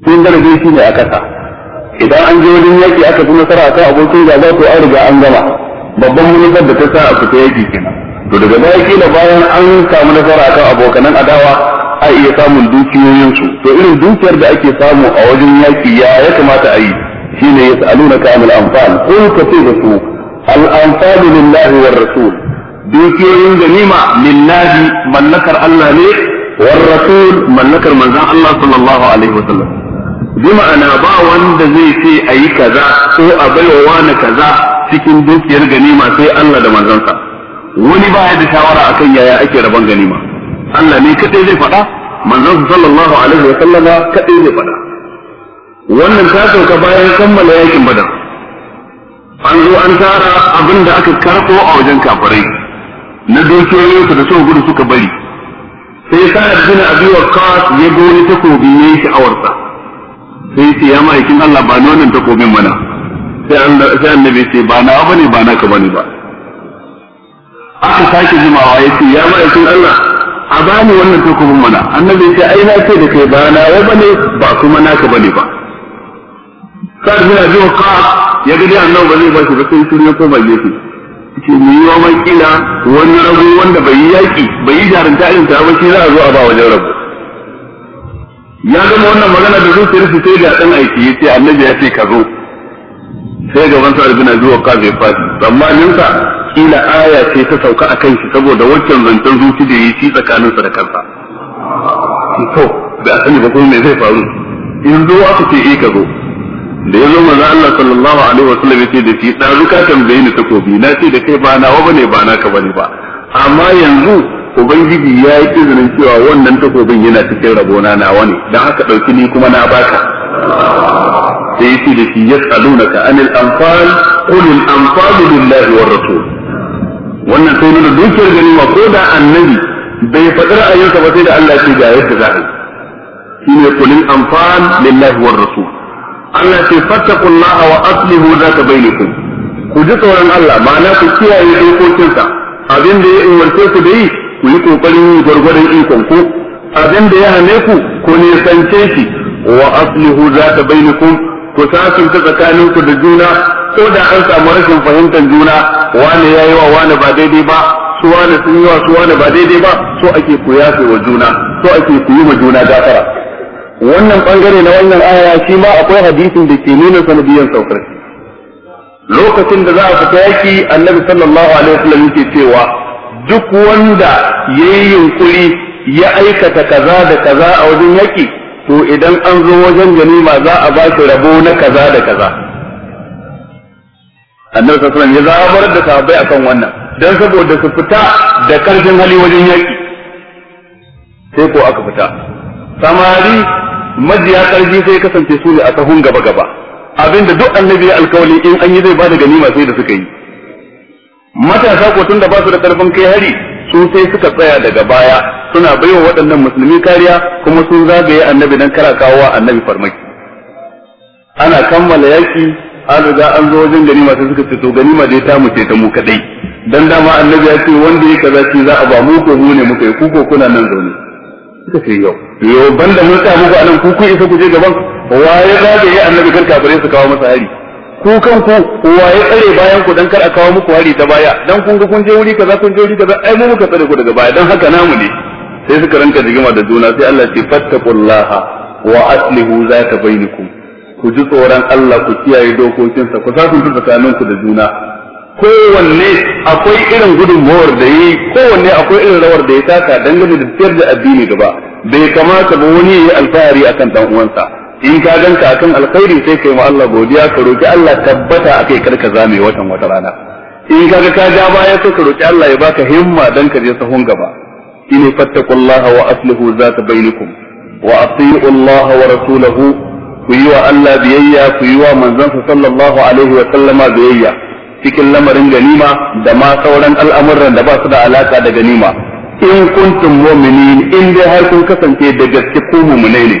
sun galibi shi ne a kasa idan an je wajen yaki aka fi nasara akan abokin gaba to an riga an gama babban manufar da ta sa a fita ya kenan to daga baya kila bayan an samu nasara akan abokanan adawa a iya samun dukiyoyinsu to irin dukiyar da ake samu a wajen yaki ya ya kamata a yi shine yas'alunaka anil anfal qul ka ce da su al anfal lillahi war rasul dukiyoyin ganima lillahi mallakar Allah ne war rasul mallakar manzon Allah sallallahu alaihi sallam. bima'ana ba wanda zai ce a yi kaza ko a baiwa wani kaza cikin dukiyar ganima sai Allah da manzansa wani baya da shawara akan yaya ake rabon ganima Allah ne kadai zai faɗa manzansa sallallahu alaihi wa sallam kadai zai faɗa wannan ta sauka bayan kammala yakin badar an zo an tara abin da aka karko a wajen kafirai na su da sau gudu suka bari sai sa'ad bin abi waqqas ya ga takobi takobi shi sha'awarsa sai ce ya ma'aikin Allah ba nonin takobin mana sai annabi ce ba na ne ba naka bane ba aka sake jimawa ya ce ya ma'aikin Allah a bani wannan takobin mana annabi ce ai na ce da kai ba na wa bane ba kuma naka bane ba sai da jiwa ka ya ga annabi ba zai ba shi ba sai shiru ya koma ba. ce mu yi wa kila wani rabu wanda bai yi yaki bai yi jarumta irin ta ba shi za a zo a ba wajen rabu. ya zama wannan magana da zuciyar su sai da dan aiki yace annabi ya ce ka zo sai gaban sa ibn abi waqas ya fasi tsammanin sa kila aya ce ta sauka akan shi saboda wancan zancen zuci da yi tsakanin sa da kansa to a sani ba kuma me zai faru in zo aka ce eh ka zo da ya zo manzo Allah sallallahu alaihi wasallam ya ce da shi dan ruka tambaye ni takobi na ce da kai ba nawa bane ba na ka bane ba amma yanzu ubangiji ya yi izinin cewa wannan takobin yana cikin rabona nawa ne don haka ɗauki ni kuma na baka sai yace da shi yas'alunaka anil anfal qul al lillahi war rasul wannan sai nuna dukiyar ganima ko da annabi bai faɗar ra'ayinsa ba sai da Allah ce ga yadda za a yi shine ne al anfal lillahi war rasul Allah ce fattaqullaha wa aslihu zaka bainakum ku ji tsoron Allah ma'ana ku kiyaye dokokinsa abin da ya umarce ku da yi ku yi kokarin gwargwaron ikon ku abin da ya hane ku ku sance shi wa aslihu ta ni ku Ku ta tsakanin ku da juna ko da an samu rashin fahimtar juna wane yi wa wane ba daidai ba su wane sun yi wa su wane ba daidai ba so ake ku yafe wa juna so ake ku yi wa juna gafara wannan bangare na wannan aya shi ma akwai hadisin da ke nuna sanadiyan saukar lokacin da za a fita yaki annabi sallallahu alaihi wasallam yake cewa duk wanda ya yi yunkuri ya aikata kaza da kaza a wajen yaki to idan an zo wajen ganima za a ba shi rabo na kaza da kaza annabi sallallahu alaihi wasallam ya zabar da sahabbai akan wannan dan saboda su fita da karfin hali wajen yaki sai ko aka fita samari majiya karfi sai kasance su ne a tahun gaba gaba abinda duk annabi ya alkawali in an yi zai ba da ganima sai da suka yi matasa ko tunda ba su da karfin kai hari su sai suka tsaya daga baya suna baiwa waɗannan musulmi kariya kuma sun zagaye annabi dan kara kawo annabi farmaki ana kammala yaki an riga an zo wajen ganima sai suka ce to ganima dai ta mu ce ta mu kadai dan dama annabi ya ce wanda yake kaza shi za a ba mu ko mu ne muka yi kuko kuna nan zaune suka ce yau yo banda mun samu muku anan ku ku isa ku je gaban waye zagaye annabi kan kafare su kawo masa hari ku kanku waye tsare bayan ku dan kar a kawo muku hari ta baya dan kun ga kun je wuri kaza kun je wuri kaza ai mu muka tsare ku daga baya dan haka namu ne sai suka ranka jigima da juna sai Allah ce fattaqullaha wa aslihu zaka bainakum ku ji tsoron Allah ku kiyaye dokokinsa ku sa kun tsakanin ku da juna kowanne akwai irin gudunmawar da yi kowanne akwai irin rawar da ya taka dangane da tafiyar da addini gaba bai kamata ba wani ya yi alfahari akan dan uwansa in ka ganka akan alkhairi sai kai ma Allah godiya ka roki Allah tabbata akai karka zame watan wata rana in ka ga ka ja baya sai ka roki Allah ya baka himma dan ka je sahun gaba in fattaqullaha wa aslihu zata bainakum wa atii'u Allah wa rasulahu ku yi wa Allah biyayya ku yi wa manzansa sallallahu alaihi wa sallama biyayya cikin lamarin ganima da ma sauran al'amuran da ba su da alaka da ganima in kuntum mu'minin in dai har kun kasance da gaske ku mu'minai ne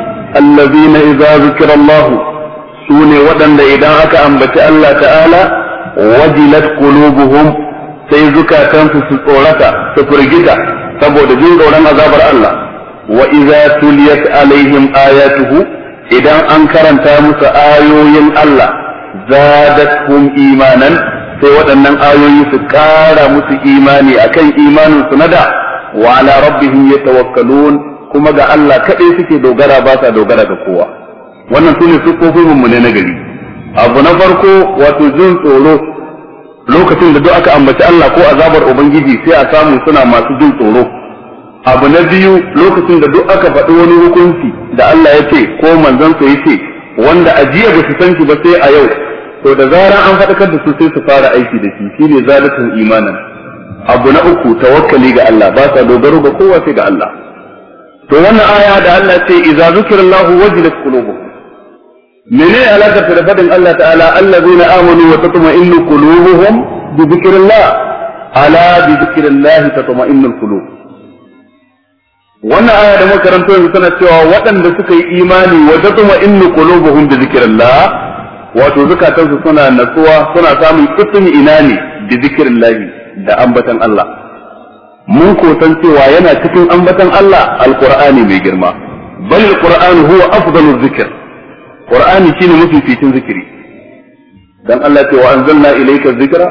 allazina idza zikra Allah sune waɗanda idan aka ambaci Allah ta'ala wajilat qulubuhum sai zukatansu su tsorata su firgita saboda jin tsoron azabar Allah wa idza tuliyat alaihim ayatuhu idan an karanta musu ayoyin Allah zadatuhum imanan sai waɗannan ayoyi su ƙara musu imani akan imanin su na da wa ala ya yatawakkalun kuma ga Allah kaɗai suke dogara ba sa dogara ga kowa wannan su ne siffofin ne na gari abu na farko wato jin tsoro lokacin da duk aka ambaci Allah ko azabar ubangiji sai a samu suna masu jin tsoro abu na biyu lokacin da duk aka faɗi wani hukunci da Allah ya ce ko manzon sa ce wanda ajiya ba su san shi ba sai a yau to da zara an faɗakar da su sai su fara aiki da shi shine zalatul imanan abu na uku tawakkali ga Allah ba sa dogaro ga kowa sai ga Allah to wannan aya da Allah ya ce idza zukira Allah wajilat qulubuhum mene alaka da fadin Allah ta'ala allazina amanu wa tatma'innu qulubuhum bi dhikrillah ala bi dhikrillah tatma'innu qulub wannan aya da muka karanto yanzu tana cewa waɗanda suka yi imani wa tatma'innu qulubuhum bi dhikrillah wato zukatansu suna natsuwa suna samun ittin inani bi dhikrillah da ambatan Allah mun ko san cewa yana cikin ambatan Allah alqur'ani mai girma bal alqur'an huwa afdalu dhikr qur'ani shine mafi fitin zikiri dan Allah ce wa anzalna ilayka dhikra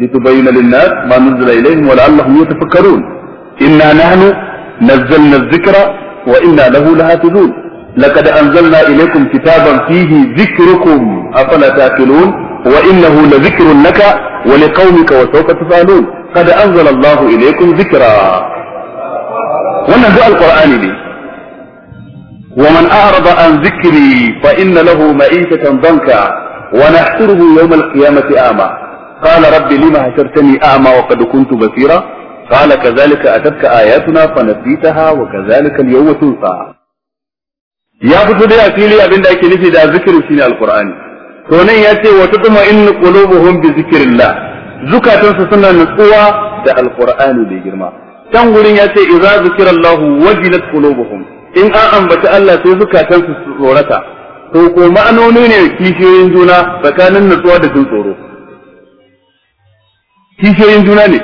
litubayyana lin-nas ma nuzila ilayhim wa la'allahum yatafakkarun inna nahnu nazzalna adh-dhikra wa inna lahu lahafizun لقد أنزلنا إليكم كتابا فيه ذكركم أفلا تأكلون وإنه لذكر لك ولقومك وسوف تسألون qad anzala Allahu ilaykum dhikra wannan duk alqur'ani ne wa man a'rada an dhikri fa inna lahu ma'ishatan banka wa nahsuruhu yawm al-qiyamati a'ma qala rabbi lima hashartani a'ma wa qad kuntu basira qala kadhalika atatka ayatuna fa nasitaha wa kadhalika al-yawma tunsa ya fito dai a fili abinda ake nufi da zikiri shine alqur'ani to nan ya ce wa tutma in qulubuhum bi zikrillah zukatansu suna nutsuwa da alqur'ani bai girma can gurin ya ce idza zikrallahu wajilat qulubuhum in an ambaci Allah sai zukatansu su tsorata to ko ma'anoni ne kishiyoyin juna tsakanin nutsuwa da jin tsoro kishiyoyin juna ne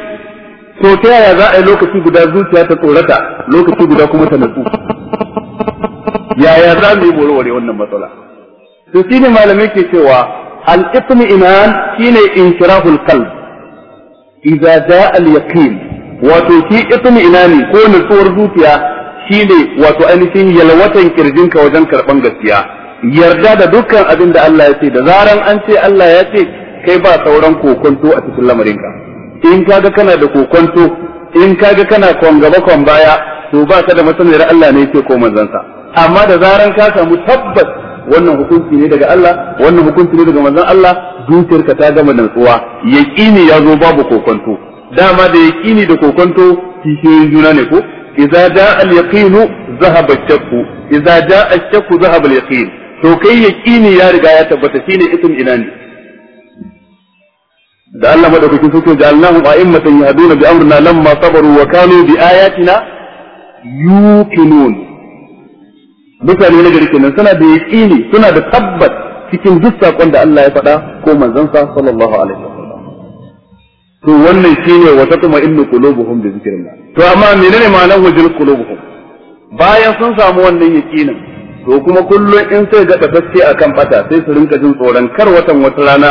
to ta yaya za a yi lokaci guda zuciya ta tsorata lokaci guda kuma ta nutsu yaya za mu yi warware wannan matsala to shine malamai ke cewa al iman shine inshirahul qalb idza jaa al yaqin wato shi ina ne ko nutsuwar zuciya shine wato ainihin yalwatan kirjinka wajen karban gaskiya yarda da dukkan abin da Allah ya ce da zaran an ce Allah ya ce kai ba sauran kokonto a cikin lamarinka in kaga kana da kokonto in kaga kana kon gaba baya to ba ka da masaniyar Allah ne yake ko manzansa amma da zaran ka samu tabbas wannan hukunci ne daga Allah wannan hukunci ne daga manzon Allah zuciyarka ta gama nantsuwa yaqini ya zo babu kokonto dama da yaqini da kokonto kishiyoyin juna ne ko idza jaa al yaqinu zahaba shakku idza jaa al shakku zahaba al yaqin to kai yaqini ya riga ya tabbata shine ism ina ne da Allah madaukakin sarki wa immatan yahduna bi amrina lamma sabaru wa kanu bi ayatina yuqinun mutane na gari kenan suna da yaqini suna da tabbat cikin duk sakon da Allah ya faɗa ko manzansa sallallahu alaihi wasallam to wannan shine wata kuma inna qulubuhum bi zikrillah to amma menene ma'anar wajil qulubuhum bayan sun samu wannan yakinin to kuma kullum in sai ga tabbace akan bata sai su rinka jin tsoron kar watan wata rana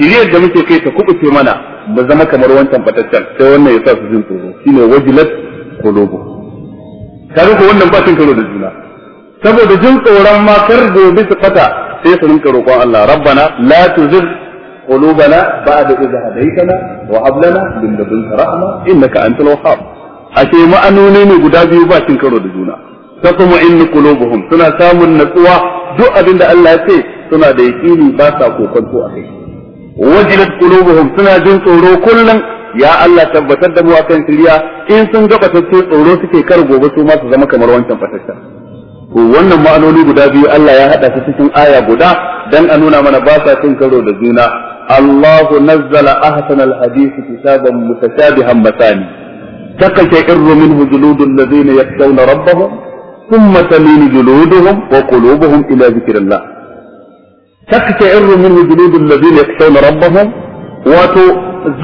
shiriyar da muke kai ta kubuce mana Mu zama kamar wancan bataccen sai wannan ya sa su jin tsoro shine wajilat qulubuhum kaga ko wannan ba cin karo da juna saboda jin tsoron ma kar gobe su fata sai su rinka roƙon Allah rabbana la tuzigh qulubana ba'da idh hadaytana wa hab lana min ladunka rahma innaka antal wahhab ashe ma'anoni ne guda biyu ba cin karo da juna ta kuma in qulubuhum suna samun natsuwa duk abinda Allah ya ce suna da yaqini ba sa kokonto a kai wajilat qulubuhum suna jin tsoro kullum ya Allah tabbatar da mu akan shirya in sun ga fatacce tsoro suke kar gobe su ma su zama kamar wancan fataccen to wannan ma'anoni guda biyu Allah ya hada su cikin aya guda dan a nuna mana ba sa cin karo da juna Allahu nazzala ahsanal hadisi kitaban mutashabihan matani takashirru minhu juludul ladina yakhshawna rabbahum thumma talinu juluduhum wa qulubuhum ila dhikrillah takashirru minhu juludul ladina yakhshawna rabbahum wato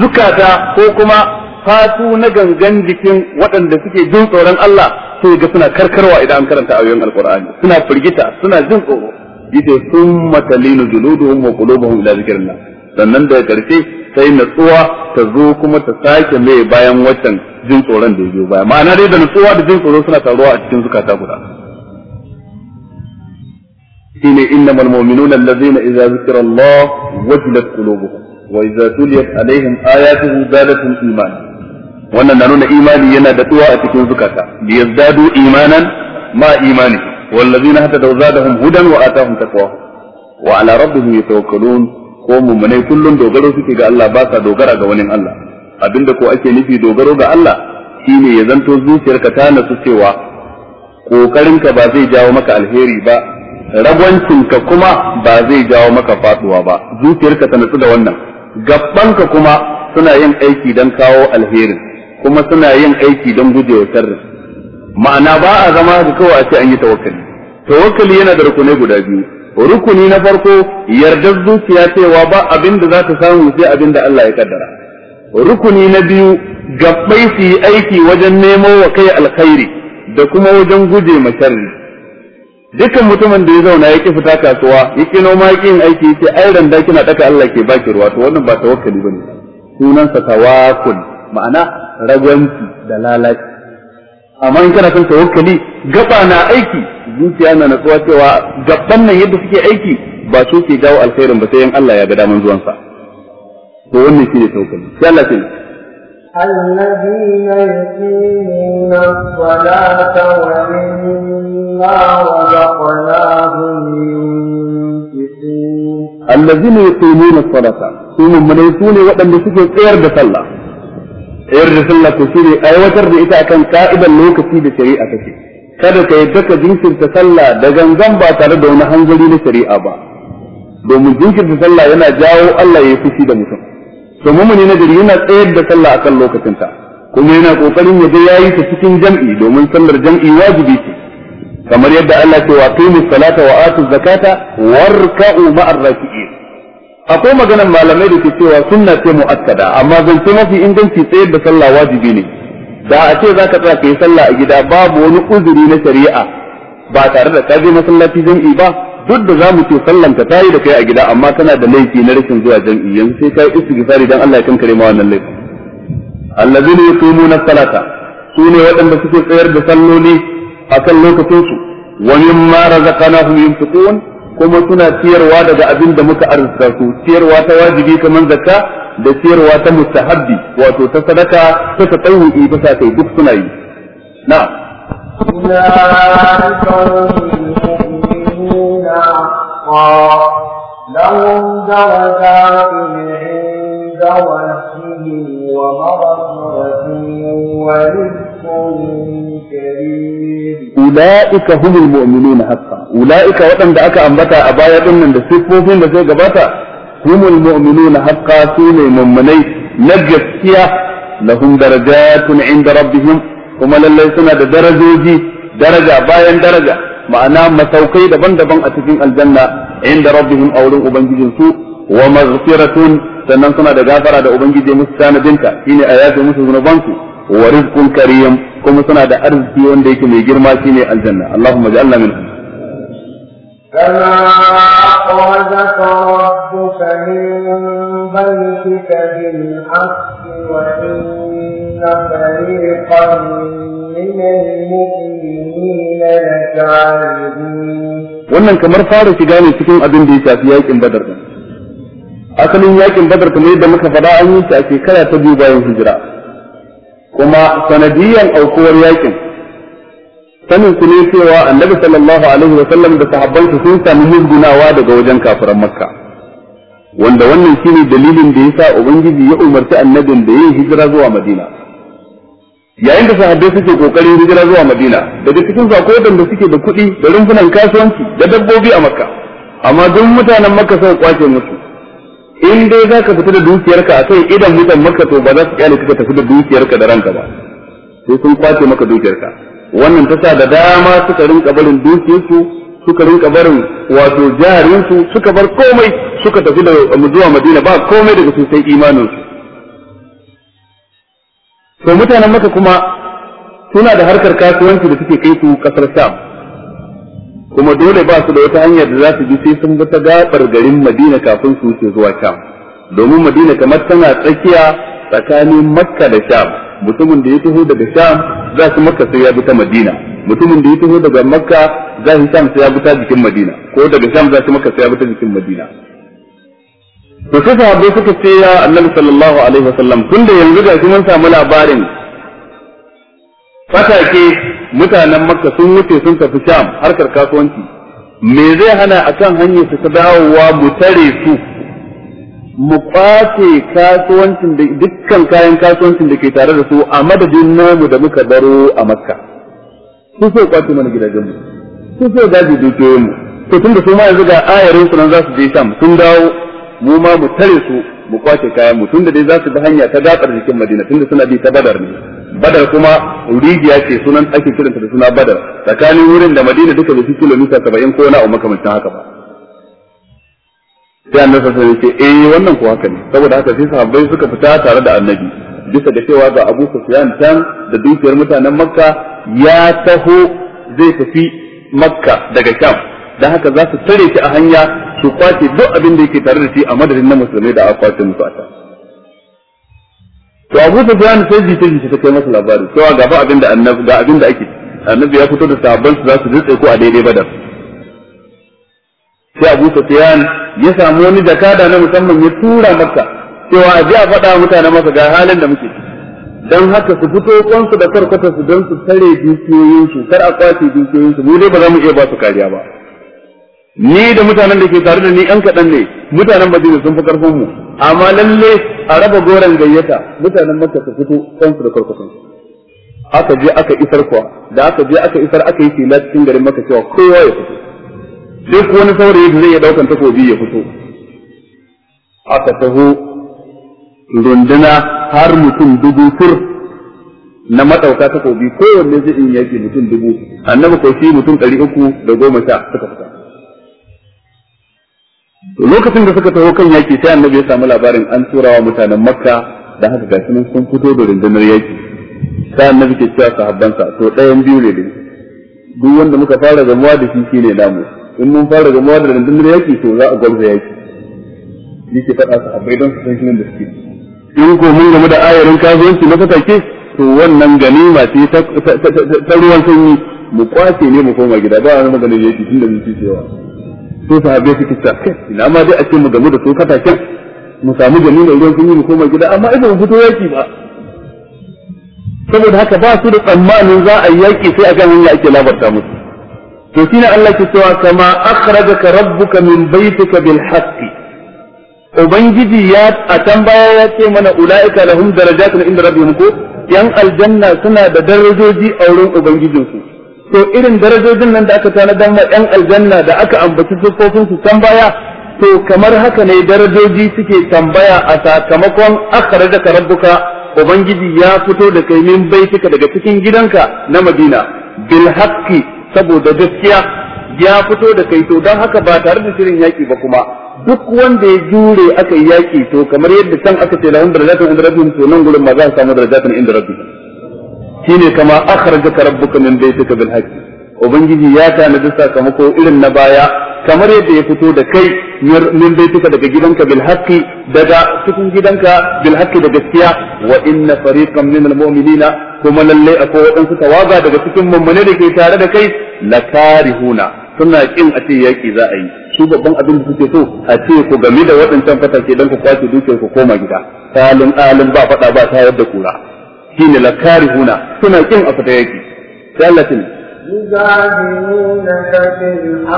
zukata ko kuma fatu na gangan jikin waɗanda suke jin tsoron Allah sai ga suna karkarwa idan an karanta ayoyin alqur'ani suna firgita suna jin tsoro yace summa talinu juluduhum wa qulubuhum ila zikrillah sannan daga karshe sai natsuwa ta zo kuma ta sake mai bayan watan jin tsoron da ya baya ma'ana dai da natsuwa da jin tsoro suna taruwa a cikin zukata guda shine innamal mu'minuna allazina idza zikra Allah wajilat qulubuhum wa idza tuliyat alaihim ayatuhu zadatuhum wannan na nuna imani yana da tsuwa a cikin zukata li yazdadu imanan ma imani wallazina hatadaw zadahum hudan wa atahum taqwa wa ala rabbihim yatawakkalun ko mu'minai kullun dogaro suke ga Allah ba sa dogara ga wani Allah abinda ko ake nufi dogaro ga Allah shine ya zanto zuciyarka ta nasu cewa kokarinka ba zai jawo maka alheri ba ragwancinka kuma ba zai jawo maka faduwa ba zuciyarka ta nasu da wannan gabbanka kuma suna yin aiki don kawo alherin kuma suna yin aiki don gujewa sharri ma'ana ba a zama da kawai a ce an yi tawakkali tawakkali yana da rukunai guda biyu rukuni na farko yardar zuciya cewa ba abin da za ta samu sai abin da Allah ya kaddara rukuni na biyu gabbai su yi aiki wajen nemo wa kai alkhairi da kuma wajen guje ma sharri dukkan mutumin da ya zauna ya ki fita kasuwa ya ki noma ya yin aiki ya ce ai randa kina daka Allah ke baki ruwa to wannan ba tawakkali bane sunansa tawakkul ma'ana ragwanci da lalaci amma in kana son tawakkali gaba na aiki zuciya na natsuwa cewa gaban nan yadda suke aiki ba su ke jawo alkhairin ba sai in Allah ya ga daman zuwansa to wannan shine tawakkali sai Allah sai الذين يقيمون الصلاة ومما رزقناهم ينفقون الذين يقيمون الصلاة هم من يكون وقت سكي yarda sallah ta shine aiwatar da ita akan ka'idan lokaci da shari'a take kada ka yadda ka jinkirta sallah da gangan ba tare da wani hanzari na shari'a ba domin jinkirta sallah yana jawo Allah ya fushi da mutum to mumuni na gari yana tsayar da sallah akan lokacinta kuma yana kokarin ya je yayi ta cikin jam'i domin sallar jam'i wajibi ce kamar yadda Allah ke ce wa qimis salata wa atuz zakata warka'u ma'ar raki'in akwai maganar malamai da ke cewa sunna ce mu'akkada amma zance mafi inganci tsayar da sallah wajibi ne da a ce zaka tsaya kai sallah a gida babu wani uzuri na shari'a ba tare da ka je masallaci jam'i ba duk da zamu ce sallan ta tayi da kai a gida amma kana da laifi na rashin zuwa jami'i yanzu sai kai istighfari dan Allah ya kankare ma wannan laifi allazina yuqimuna salata sune waɗanda suke tsayar da salloli akan lokacin su wa mimma razaqnahum yunfiqun kuma suna ciyarwa daga abin da muka arzuta su ciyarwa ta wajibi kamar zakka da ciyarwa ta mustahabbi wato ta sadaka ta tatawu'i ta sa duk suna yi na لهم درجات عند ربهم ومغفرة ورزق ulaika humul mu'minuna haqqan ulaika waɗanda aka ambata a baya ɗinnan da sifofin da zai gabata humul mu'minuna haqqan su ne mummunai na gaskiya lahum darajatun inda rabbihim kuma lallai suna da darajoji daraja bayan daraja ma'ana masaukai daban-daban a cikin aljanna inda rabbihim a wurin ubangijinsu wa maghfiratun sannan suna da gafara da ubangiji musu tanadinta shine a yafe musu zunubansu wa rizqun karim kuma suna da arziki wanda yake mai girma shine aljanna Allahumma ja'alna min كما أخرجك ربك من بيتك بالحق وإن فريقا من المؤمنين لكاذبون wannan kamar fara shiga ne cikin abin da ya shafi yakin badar asalin yakin badar kamar yadda muka faɗa an yi shi a shekara ta biyu bayan hijira kuma sanadiyan aukuwar yakin sanin su ne cewa annabi sallallahu alaihi wa sallam da sahabbansa sun sami hizgunawa daga wajen kafiran makka wanda wannan shine dalilin da yasa ubangiji ya umarci annabin da yin hijira zuwa madina yayin da sahabbai suke kokarin hijira zuwa madina daga cikin su akwai suke da kuɗi da rumfunan kasuwanci da dabbobi a makka amma duk mutanen makka suka kwace musu in dai za ka fita da dukiyarka a kai idan mutan maka to ba za su kyale ka tafi da dukiyarka da ranka ba sai sun kwace maka dukiyarka wannan ta sa da dama suka rinka barin dukiyarsu suka rinka barin wato jarinsu suka bar komai suka tafi da zuwa madina ba komai daga su sai su to mutanen maka kuma suna da harkar kasuwanci da suke kai su kasar sam kuma dole ba su da wata hanyar da za su bi sai sun ga ta gabar garin Madina kafin su wuce zuwa Sham domin Madina kamar tana tsakiya tsakanin Makka da Sham mutumin da ya taho daga Sham za su Makka sai ya bi ta Madina mutumin da ya taho daga Makka za su Sham sai ya bi ta jikin Madina ko daga Sham za su Makka sai ya bi ta jikin Madina to sai sahabbai suka ce ya Annabi sallallahu alaihi wasallam tunda yanzu ga shi mun samu labarin fatake mutanen makka sun wuce sun tafi sham harkar kasuwanci me zai hana akan hanyar su ta dawowa mu tare su mu kwace kasuwancin da dukkan kayan kasuwancin da ke tare da su a madadin namu da muka baro a makka su so kwace mana gidajen mu su so gaji dukiyoyin mu to tun da su ma yanzu ga ayarin su nan za su je sham sun dawo mu ma mu tare su mu kwace kayan mu tun da dai za su bi hanya ta gabar jikin madina tun da suna bi ta badar ne badar kuma rijiya ce sunan ake kiranta da suna badar tsakanin wurin da madina duka da su kilomita saba'in ko na a makamancin haka ba sai annabi sai ce eh wannan ko haka ne saboda haka sai sahabbai suka fita tare da annabi bisa da cewa ga Abu Sufyan tan da dukiyar mutanen Makka ya taho zai tafi Makka daga Sham dan haka za su tare shi a hanya su kwace duk abin da yake tare da shi a madadin na musulmai da akwatin musu a to Abu Sufyan sai jita jita ta kai masa labari cewa ga ba abin da annabi ga abin da ake annabi ya fito da sabon su za su rutse ko a daidai badar sai Abu Sufyan ya samu wani jakada na musamman ya tura maka cewa a ji a faɗa mutane masa ga halin da muke dan haka su fito kwansu da karkata su don su tare dukiyoyin su kar a kwace dukiyoyin su mu dai ba za mu iya ba su kariya ba ni da mutanen da ke tare da ni ɗan kaɗan ne mutanen Madina sun fi karfin mu amma lalle a raba goren gayyata mutanen makka su fito kan su da karkusan aka je aka isar kuwa da aka je aka isar aka yi tila cikin garin makka cewa kowa ya fito duk wani saurayi da zai ya daukan takobi ya fito aka taho runduna har mutum dubu tur na maɗauka takobi kowanne zai in yaki mutum dubu annabi ko shi mutum ɗari uku da goma sha suka fita to lokacin da suka taho kan yaki sai annabi ya samu labarin an turawa mutanen makka da haka ga sunan sun fito da rundunar yaki sai annabi ke cewa sahabbansa to ɗayan biyu ne dai duk wanda muka fara gamuwa da shi shine namu in mun fara gamuwa da rundunar yaki to za a gwamza yaki yake faɗa abai don su san shi da suke in ko mun gamu da ayarin kasuwanci na fatake to wannan ganima ce ta ruwan sanyi mu kwace ne mu koma gida ba wani maganin yaki tun da mun ci cewa sai sahabbai suke ta kai ina ma dai a mu gamu da su katakin mu samu gami da ruwan sunyi mu koma gida amma ai mu fito yaki ba saboda haka ba su da tsammanin za a yi yaki sai a kan hanya ake labarta musu to shine Allah ke cewa kama akhrajaka rabbuka min baitika bil haqqi ubangiji ya a can ya ce mana ulaika lahum darajatun inda rabbihim ko yan aljanna suna da darajoji a wurin ubangijinsu to irin darajojin nan da aka tanadar ma ɗan aljanna da aka ambaci siffofin su can baya to kamar haka ne darajoji suke tambaya a sakamakon da karabuka ubangiji ya fito da kai min baitika daga cikin gidanka na Madina bil haqqi saboda gaskiya ya fito da kai to dan haka ba tare da shirin yaki ba kuma duk wanda ya jure aka yi yaki to kamar yadda can aka ce lahum darajatun inda rabbihim to nan gurin ma za su samu darajatun inda rabbihim shine kama akhrajaka rabbuka min baytika bil haqq ubangiji ya tanadi sakamako irin na baya kamar yadda ya fito da kai min baituka daga gidanka bil daga cikin gidanka bil haqqi da gaskiya wa inna fariqan min al mu'minina kuma lalle akwai waɗansu tawaga daga cikin mummune da ke tare da kai lakarihuna suna kin a ce yaki za a yi su babban abin da suke so a ce ku game da waɗancan fatake don ku kwace dukiyar ku koma gida kalin alin ba faɗa ba tayar da kura shine la karihuna suna kin a fita yake sai Allah tin يجادلونك في الحق da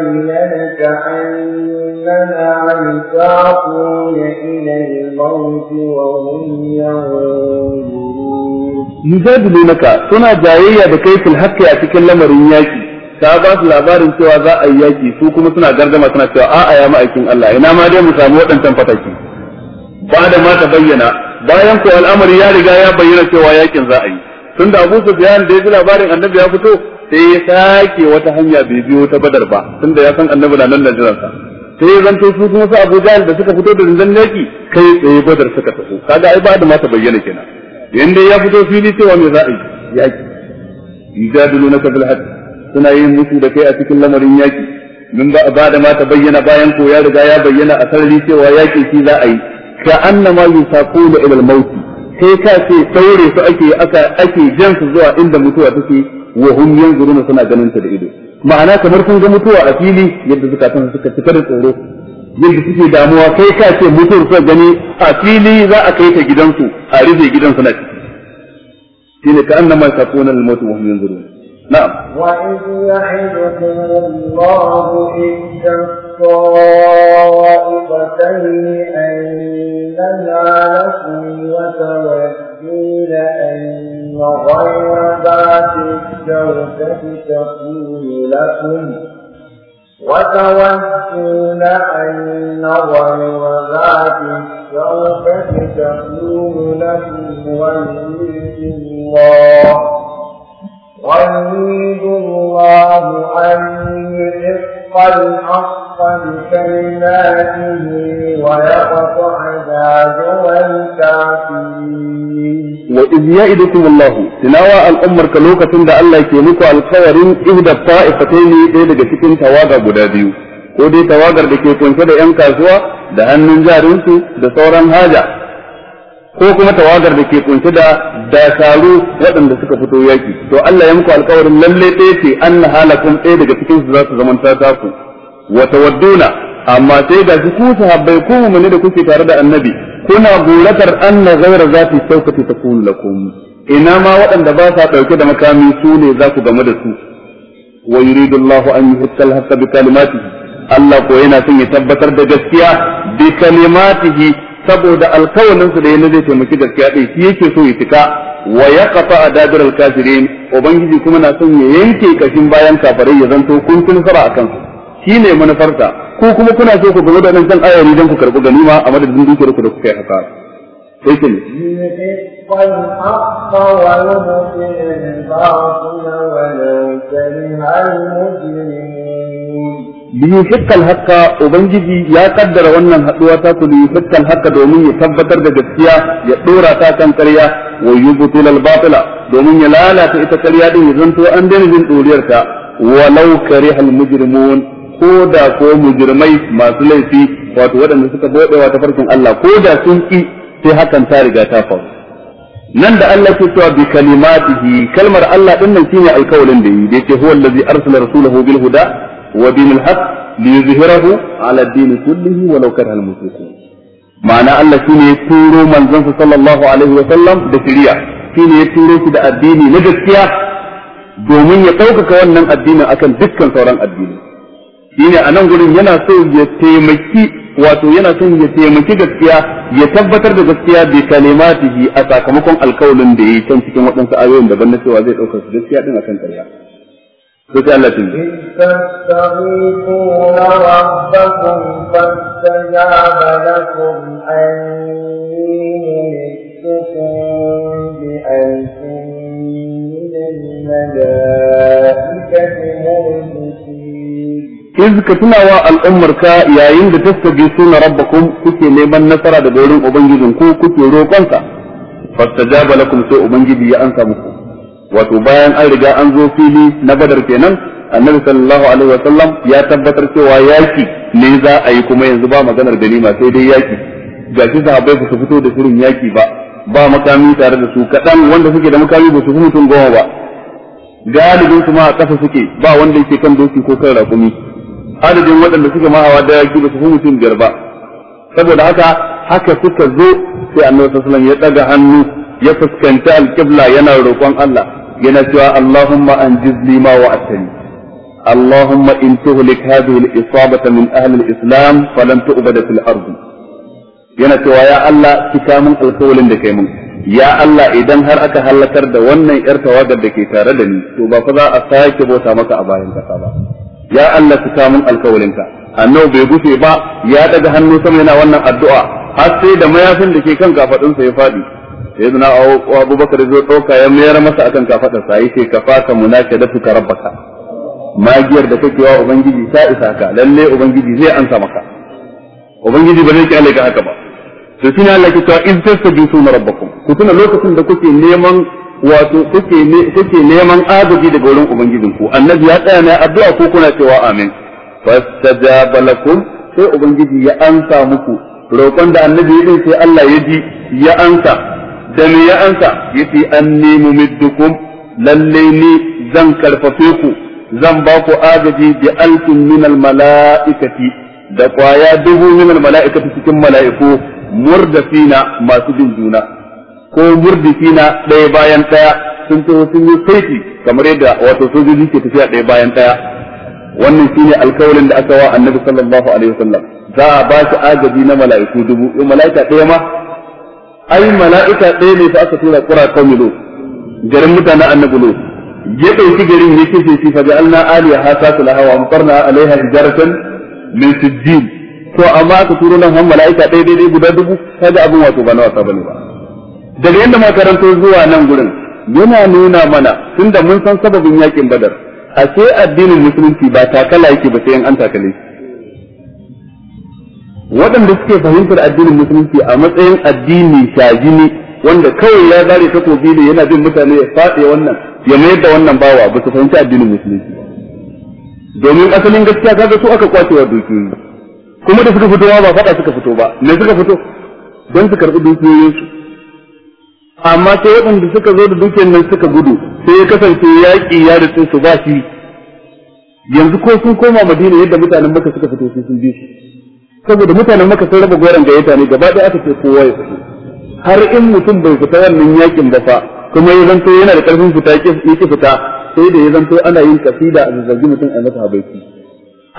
تبين كأننا مساقون إلى الموت وهم ينظرون يجادلونك سنة جاية a cikin lamarin yaki, ta ba su labarin cewa za a yi yaki su kuma suna gardama suna cewa a'a ya ma'aikin Allah ina ma dai mu samu waɗancan fataki ba da ma ta bayyana bayan ko al'amari ya riga ya bayyana cewa yakin za a yi tunda Abu Sufyan da ya ji labarin annabi ya fito sai ya sake wata hanya bai biyo ta Badar ba tunda ya san annabi na nan da jiransa sai ya zanto su kuma su Abu Jahl da suka fito da rindan yaki kai tsaye Badar suka tafi kaga ai ba da mata bayyana kenan dai ya fito fili cewa me za a yi yaki naka bil hadd suna yin musu da kai a cikin lamarin yaki min ba da mata bayyana bayan ko ya riga ya bayyana a sarari cewa yaki shi za a yi ka annama yusaqulu ila al-maut sai ka ce saure su ake aka ake jan su zuwa inda mutuwa take wa hum yanzuruna suna ganin ta da ido ma'ana kamar sun ga mutuwa a fili yadda zukatan suka cika da tsoro yadda suke damuwa kai ka ce mutuwar suka gani a fili za a kai ta gidansu a rufe gidansu na ciki shine ka annama yusaqulu ila al-maut wa hum yanzuruna نعم وإذ يعدكم الله إحدى الطائفتين أننا لكم وتوجهون أن غير ذات الشوكة تكون لكم وتوجهون أن غير ذات الشوكة تكون لكم ويريد الله ويريد الله أن يحق الحق بكلماته ويقطع دابر الكافرين وإذ يعدكم الله تلاوى الأمر كلوكة عند الله يكيمك الخير إحدى الطائفتين إلى جسكين تواضع بدابيو ko dai tawagar da ke kunshe da 'yan kasuwa da hannun jarinsu da sauran haja ko kuma tawagar da ke kunshe da dakaru waɗanda suka fito yaki to Allah ya muku alƙawarin lalle ɗaya ce an halakum ɗaya daga cikin su za su zama ta ku wa tawadduna amma sai ga su ku sahabbai ku mu da kuke tare da annabi kuna guratar anna ghayra zati ta takunu lakum ina ma waɗanda ba sa ɗauke da makami su ne za ku game da su wa yuridu Allahu an yuhitta al bi kalimatihi Allah ko yana son ya tabbatar da gaskiya bi kalimatihi saboda alkawalin su da yana zai taimaki gaskiya din shi yake so ya cika wa ya kafa a adabir alkafirin ubangiji kuma na son ya yanke kashin bayan kafirai ya zanto kun kun fara kansu. Shi ne manufarta ko kuma kuna so ku gaba da nan zan ayari don ku karɓi ganima a madadin dukiyar ku da kuka yi haka. sai ne liyuhiqqa haqqa ubangiji ya kaddara wannan haduwa ta ku liyuhiqqa haka haqqa domin ya tabbatar da gaskiya ya dora ta kan ƙarya wa yubtil al-batila domin ya lalata ita ƙarya din ya zanto an daina jin doriyar ta walau kariha al-mujrimun ko da ko mujrimai masu laifi wato waɗanda suka bodewa ta farkin Allah ko da sun ki sai hakan ta riga ta faru nan da Allah ke cewa bi kalimatihi kalmar Allah din nan shine alkawalin da yi da yake huwa allazi arsala rasulahu bil huda wa dinil haq li yuzhirahu ala din kullihi ma'ana Allah shine ya turo manzon sallallahu alaihi wa sallam da shari'a shine ya da addini na gaskiya domin ya ɗaukaka wannan addinin akan dukkan sauran addini shine a nan gurin yana so ya taimaki wato yana so ya taimaki gaskiya ya tabbatar da gaskiya bi kalimatihi a sakamakon alkawalin da yayi can cikin waɗansu ayoyin daban na cewa zai ɗaukar gaskiya din akan ƙarya وجعلتم تستغيثون ربكم فاستجاب لكم أني ممدكم بألف من الملائكة مردفين إذ كتنوا الأمر كا يعين تستغيثون ربكم كتي لمن نصر دبولون أبنجدن كو كتي روكنسا فاستجاب لكم سوء أبنجد يأنسى مكم wato bayan an riga an zo fili na badar kenan annabi sallallahu alaihi wa ya tabbatar cewa yaki ne za a yi kuma yanzu ba maganar ganima sai dai yaki gashi sahabbai ba su fito da shirin yaki ba ba makami tare da su kaɗan wanda suke da makami ba su fi mutum goma ba galibin su ma a ƙasa suke ba wanda yake kan doki ko kan rakumi adadin waɗanda suke ma hawa yaki ba su fi mutum biyar ba saboda haka haka suka zo sai annabi sallallahu alaihi wa ya ɗaga hannu ya fuskanci alƙibla yana roƙon Allah yana cewa Allahumma an li ma wa'atani Allahumma in tuhlik hadhihi al-isabata min ahli al-islam falan tu'bada fil ardi yana cewa ya Allah cika min alƙawalin da kai mun ya Allah idan har aka halakar da wannan yar tawagar da ke tare da ni to ba fa za a sake bota maka a bayan kasa ba ya Allah cika min alƙawalinka annabi bai gufe ba ya daga hannu sama yana wannan addu'a har sai da mayafin da ke kan kafadunsa ya faɗi sai Abu Bakar zai ɗauka ya mayar masa akan kafaɗarsa sa ce ka faka munake da suka rabbaka magiyar da kake wa ubangiji ta isa ka lalle ubangiji zai ansa maka ubangiji ba zai kyale ka haka ba to shine Allah ke cewa in tastajibuna rabbakum ku tuna lokacin da kuke neman wato kuke ne kuke neman agaji daga wurin ubangijin ku annabi ya tsaya ne addu'a ko kuna cewa amin fastajaba lakum sai ubangiji ya ansa muku roƙon da annabi ya sai Allah ya ji ya ansa da ya ansa yace anni mumiddukum lalle ni zan karfafe ku zan ba ku agaji bi alfin min al mala'ikati da kwaya dubu min al mala'ikati cikin mala'iku murdafina masu bin juna ko murdafina ɗaya bayan ɗaya sun taho sun yi saiti kamar yadda wato sojoji ke tafiya ɗaya bayan ɗaya wannan shine alkawalin da aka wa annabi sallallahu alaihi wasallam za a ba shi agaji na mala'iku dubu in mala'ika ɗaya ma ai mala'ika ɗaya ne fa aka tura kura kawmi lo garin mutane annabi lo ya garin ya ke shi fa ja'alna aliya ha sa laha wa amtarna alaiha hijaratan min sijjin ko amma aka turo nan han mala'ika ɗaya daidai guda dubu kaga abin wato ba na wasa bane ba daga yadda makarantar zuwa nan gurin yana nuna mana tunda mun san sababin yakin badar ashe addinin musulunci ba takala yake ba sai an takale waɗanda suke fahimtar addinin musulunci a matsayin addini shajini wanda kawai ya zare takobi ne yana bin mutane ya faɗe wannan ya mayar da wannan bawa ba su fahimci addinin musulunci domin asalin gaskiya kaga su aka wa dukiyoyi kuma da suka fito ba faɗa suka fito ba me suka fito don su karɓi su amma sai waɗanda suka zo da dukiyar nan suka gudu sai ya kasance yaƙi ya ritsu su ba shi yanzu ko sun koma madina yadda mutanen maka suka fito sun bi su saboda mutanen maka sun raba goron gayyata ne gaba ɗaya aka ce kowa ya fito har in mutum bai fita wannan yakin ba fa kuma ya zanto yana da karfin fita ya ki fita sai da ya zanto ana yin kasida a zazzagi mutum a masa habaiki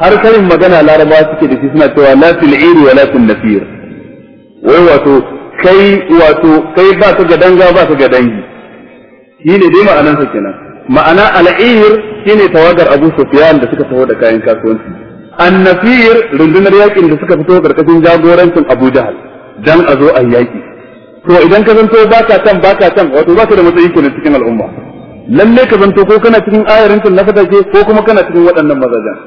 har karin magana laraba suke da shi suna cewa la fil iri wa la fil nafir wai wato kai wato kai ba ka ga ba ka ga dangi shi ne dai ma'anansa kenan ma'ana al'ir shine tawagar Abu Sufyan da suka taho da kayan kasuwanci annafir rundunar yakin da suka fito karkashin jagorancin Abu Jahal dan a zo a yaki to idan ka zanto baka can baka can wato baka da matsayi kenan cikin al'umma lalle ka zanto ko kana cikin ayarin na fatake ko kuma kana cikin waɗannan mazajen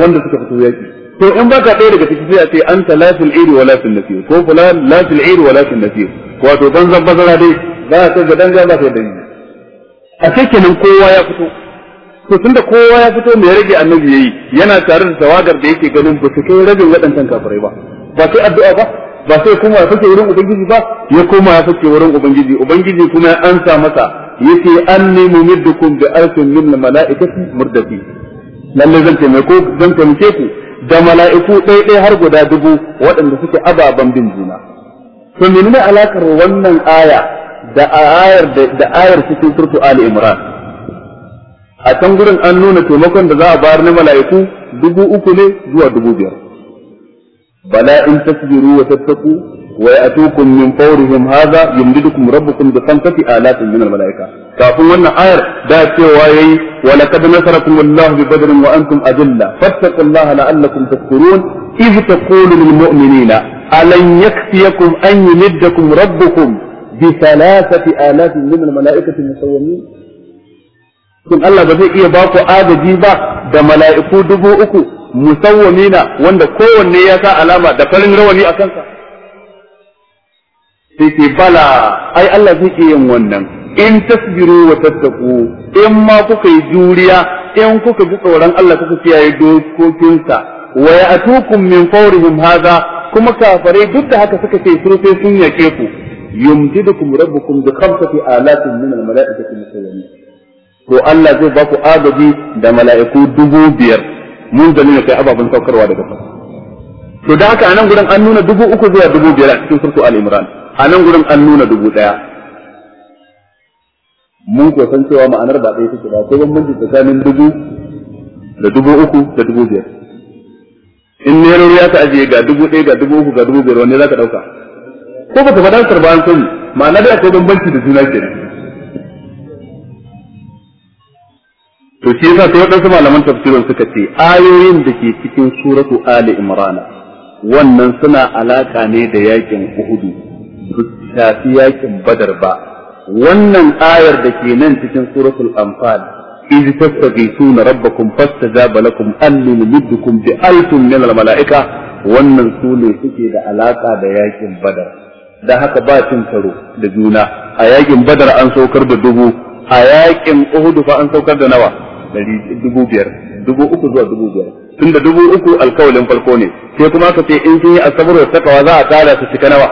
wanda suka fito yaki to in baka ɗaya daga ciki sai a ce anta lafil iri wa lafil nafir ko fulan lafil iri wa lafil nafir wato banzan bazara dai ba ta ga danga ba ta da a cikin kowa ya fito to da kowa ya fito mai rage annabi yayi yana tare da tawagar da yake ganin ba su kai rabin waɗancan kafirai ba ba sai addu'a ba ba sai kuma ya fice wurin ubangiji ba ya koma ya fice wurin ubangiji ubangiji kuma ya ansa masa yace anni mumiddukum bi alfin min malaikati murdati lalle zan taimako zan taimake ku da mala'iku ɗaya ɗaya har guda dubu waɗanda suke ababen bin juna to menene alakar wannan aya da ayar da ayar cikin surtu ali imran a can gurin an nuna taimakon da za a bayar na mala'iku dubu uku ne zuwa dubu biyar bala in tasbiru wa tattaku wa ya'tukum min fawrihim hadha yumdidukum rabbukum bi khamsati alatin min al kafin wannan ayar da cewa yayi wa laqad nasarakum allah bi badr wa antum adilla fattaqullaha la'allakum tashkurun lil mu'minina alan ألن an أن rabbukum bi thalathati آلاف min الملائكة المسومين shin Allah ba zai iya ba ku agaji ba da mala'iku dubu uku musawwamina wanda kowanne ya sa alama da farin rawani a kansa sai ce bala ai Allah zai iya yin wannan in tasbiru wa tattaku in ma kuka yi juriya in kuka ji tsoron Allah kuka kiyaye dokokinsa wa ya'tukum min fawrihim hadha kuma kafarai duk da haka suka ce su sai sun yake ku yumtidukum rabbukum bi khamsati alatin min al-mala'ikati musawwimin to Allah zai ba ku agaji da mala'iku dubu biyar mun da nuna kai ababen saukarwa daga sama to da haka anan gurin an nuna dubu uku zuwa dubu biyar a cikin surtu al-imran anan gurin an nuna dubu daya mun ko san cewa ma'anar ba ɗaya take ba sai bambanci tsakanin dubu da dubu uku da dubu biyar in ne ya ta ajiye ga dubu ɗaya ga dubu uku ga dubu biyar wanne za ka ɗauka ko ba ta faɗa sarba an da ma'ana da akwai bambanci da juna kenan to shi yasa waɗansu malaman tafsirin suka ce ayoyin da ke cikin suratu ali imrana wannan suna alaƙa ne da yaƙin uhudu shafi yaƙin badar ba wannan ayar da ke nan cikin suratul anfal iz tastaghithuna rabbakum fastajaba lakum anni mumiddukum bi alfin min malaika wannan su ne suke da alaƙa da yakin badar da haka ba cin karo da juna a yakin badar an saukar da dubu a yakin uhudu fa an saukar da nawa dubu biyar dubu uku zuwa dubu biyar tun da dubu uku alkawalin farko ne sai kuma ka ce in sun yi asabar da takawa za a tara su cika nawa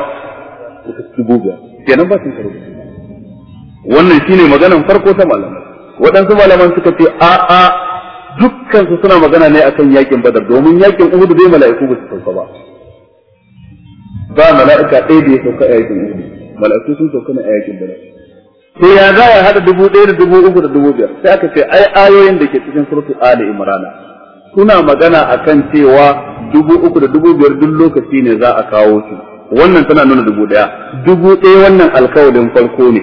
dubu biyar kenan ba sun karo wannan shine maganan farko ta malamai waɗansu malaman suka ce a a dukkan su suna magana ne akan yakin badar domin yakin uhud bai mala'iku ba su sauka ba ba mala'ika ɗaya da ya sauka a yakin uhud mala'iku sun sauka ne a yakin badar sai ya za ya hada dubu ɗaya da dubu uku da dubu biyar sai aka ce ai ayoyin da ke cikin surutu ali imrana suna magana akan cewa dubu uku da dubu biyar duk lokaci ne za a kawo su wannan tana nuna dubu ɗaya dubu ɗaya wannan alkawalin farko ne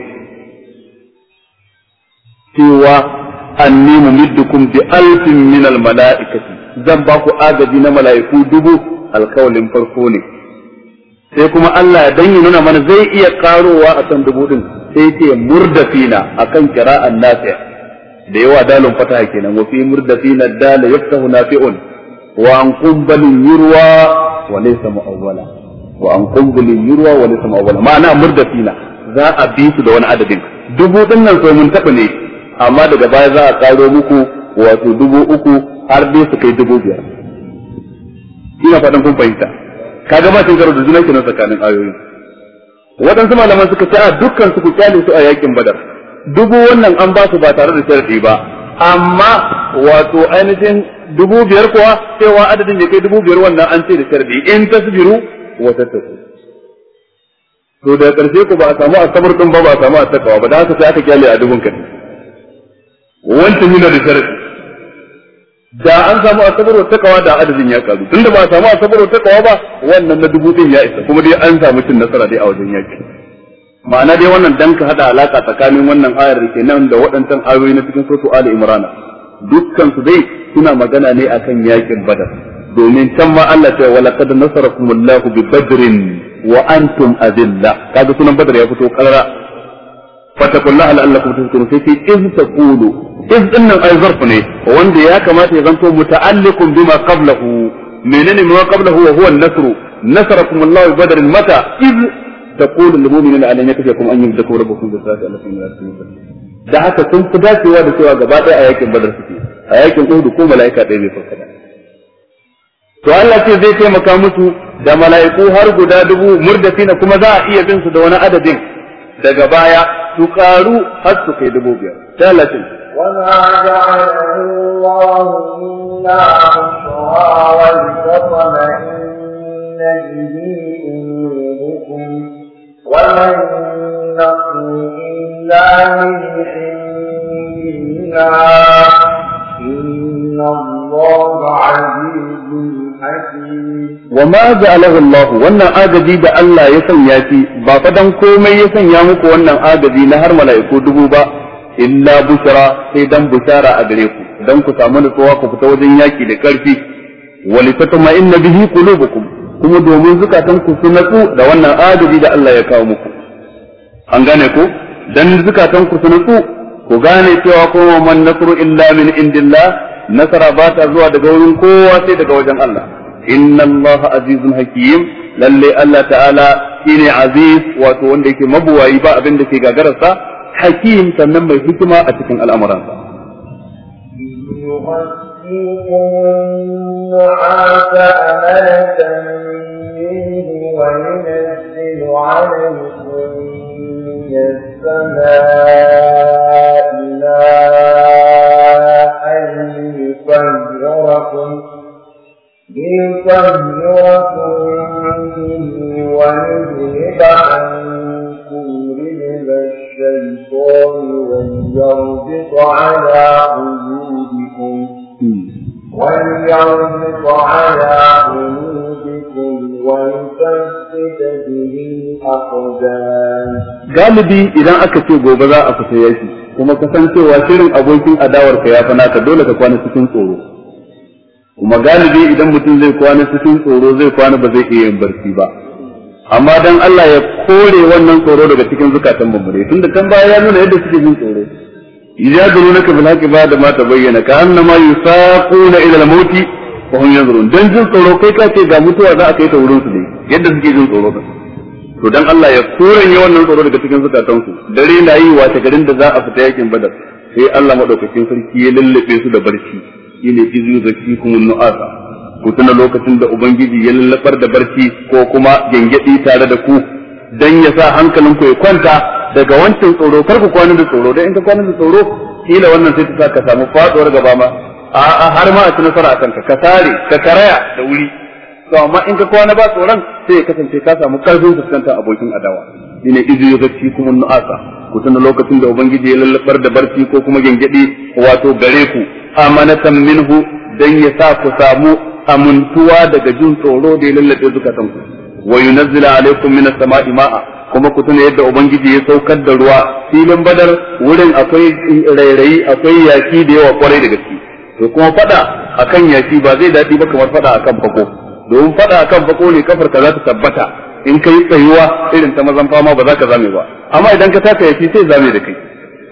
cewa anni mumiddukum bi alfin min al mala'ikati zan ba ku agaji na mala'iku dubu alkawalin farko ne sai kuma Allah ya danyi nuna mana zai iya karowa a san dubu din sai ce murdafina akan qira'an nafi' da yawa dalun fataha kenan wa fi murdafina dal yaftahu nafi'un wa an qubbalin yurwa wa laysa mu'awwala wa an qubbalin yurwa wa laysa mu'awwala ma'ana murdafina za a bi su da wani adadin dubu din nan so mun taba ne amma daga baya za a karo muku wato dubu uku har dai su kai dubu biyar ina faɗin kun fahimta kaga ba cin karo da juna kenan tsakanin ayoyin waɗansu malaman suka ce a dukkan su ku kyale su a yakin badar dubu wannan an ba su ba tare da sharadi ba amma wato ainihin dubu biyar kuwa cewa adadin ya kai dubu biyar wannan an ce da sharadi in tasbiru wa tattaku to da karshe ku ba a samu asabar din ba ba a samu a takawa ba da haka sai aka kyale a dubun kan wancan yana da sharadi da an samu asabar wata kawa da adadin ya karu tunda ba a samu asabar wata kawa ba wannan na dubu din ya isa kuma dai an samu cin nasara dai a wajen yaki ma'ana dai wannan dan ka hada alaka tsakanin wannan ayar da ke nan da waɗancan ayoyi na cikin suratu ali imrana dukkan su dai suna magana ne akan yakin badar domin can ma Allah ta wala kad nasarakumullahu bi badrin wa antum adilla kaga sunan badar ya fito karara fatakullaha la'allakum tuflihun sai sai in taqulu iz din nan ai zarf ne wanda ya kamata ya zanto muta'alliqun bima qablahu menene ma qablahu wa huwa an-nasr nasarakum Allah bi badrin mata iz taqulu lil mu'minina alan yakfikum an yumdaku rabbukum bi salati alakum la tusyriku da haka sun fi dacewa da cewa gaba ɗaya a yakin badar suke a yakin uhud ko mala'ika ɗaya bai farka to Allah ce zai taimaka musu da mala'iku har guda dubu murdafina kuma za a iya bin su da wani adadin daga baya su ƙaru har su kai dubu biyar talatin وما جعله الله إلا بشرى ولتطمئن به قلوبكم وما النصر إلا من عند الله إن الله عزيز حكيم وما جعله الله wannan agaji da Allah ya sanya shi ba fa dan komai ya sanya muku wannan agaji na har mala'iku dubu ba illa bushra sai dan bushara a gare ku dan ku samu nutsuwa ku fita wajen yaki da karfi walitatma inna bihi qulubukum kuma domin zukatan ku su natsu da wannan adadi da Allah ya kawo muku an gane ku dan zukatan ku su natsu ku gane cewa kuma man nasru illa min indillah nasara ba ta zuwa daga wurin kowa sai daga wajen Allah inna Allah azizun hakim lalle Allah ta'ala shine aziz wato wanda yake mabuwayi ba abin da ke gagararsa hakim sannan mai hikima a cikin al'amuransa وينزل عليكم من السماء ماء ليطهركم ليطهركم به ويذهب عنكم رجل الشيطان وليربط على قلوبكم وليربط على قلوبكم ويثبت به الأقدام galibi idan aka ce gobe za a fita yaki kuma kasancewa shirin abokin adawarka ya fi naka dole ka kwana cikin tsoro kuma galibi idan mutum zai kwana cikin tsoro zai kwana ba zai iya yin barci ba amma dan Allah ya kore wannan tsoro daga cikin zukatan tun tunda kan baya ya nuna yadda suke jin tsoro yajadunaka bil haqi ba da ma bayyana ka annama yusaquna ila al mauti wa hum yanzurun dan jin tsoro kai ka ce ga mutuwa za a kai ta wurin su dai yadda suke jin tsoro ka to dan Allah ya kore ne wannan tsoro daga cikin zukatan su dare na yi wata garin da za a fita yakin badar sai Allah madaukakin sarki ya lallabe su da barci shine izu zakikum nu'asa ku tuna lokacin da ubangiji ya lallabar da barci ko kuma gengedi tare da ku dan ya sa hankalin ku ya kwanta daga wancan tsoro kar ku kwana da tsoro dan in ka kwana da tsoro kila wannan sai ta sa ka samu faduwar gaba ma a'a har ma a ci nasara a kanka ka sare ka karaya da wuri to amma in ka kwana ba tsoron sai ya kasance ka samu karfin fuskantar abokin adawa ne izu ya gaci kuma nu'asa ku tuna lokacin da ubangiji ya lallabar da barci ko kuma gengedi wato gare ku amanatan minhu dan ya sa ku samu amintuwa daga jin tsoro da ya lallabe san ku wa yunazzila alaikum as sama'i ma'a kuma ku tuna yadda ubangiji ya saukar da ruwa filin badar wurin akwai rairayi akwai yaki da yawa kwarai da gaske to kuma fada akan yaki ba zai dadi ba kamar fada akan bako domin fada akan bako ne kafar ka za ta tabbata in kai tsayuwa irin ta mazan fama ba za ka zame ba amma idan ka taka yaki sai zame da kai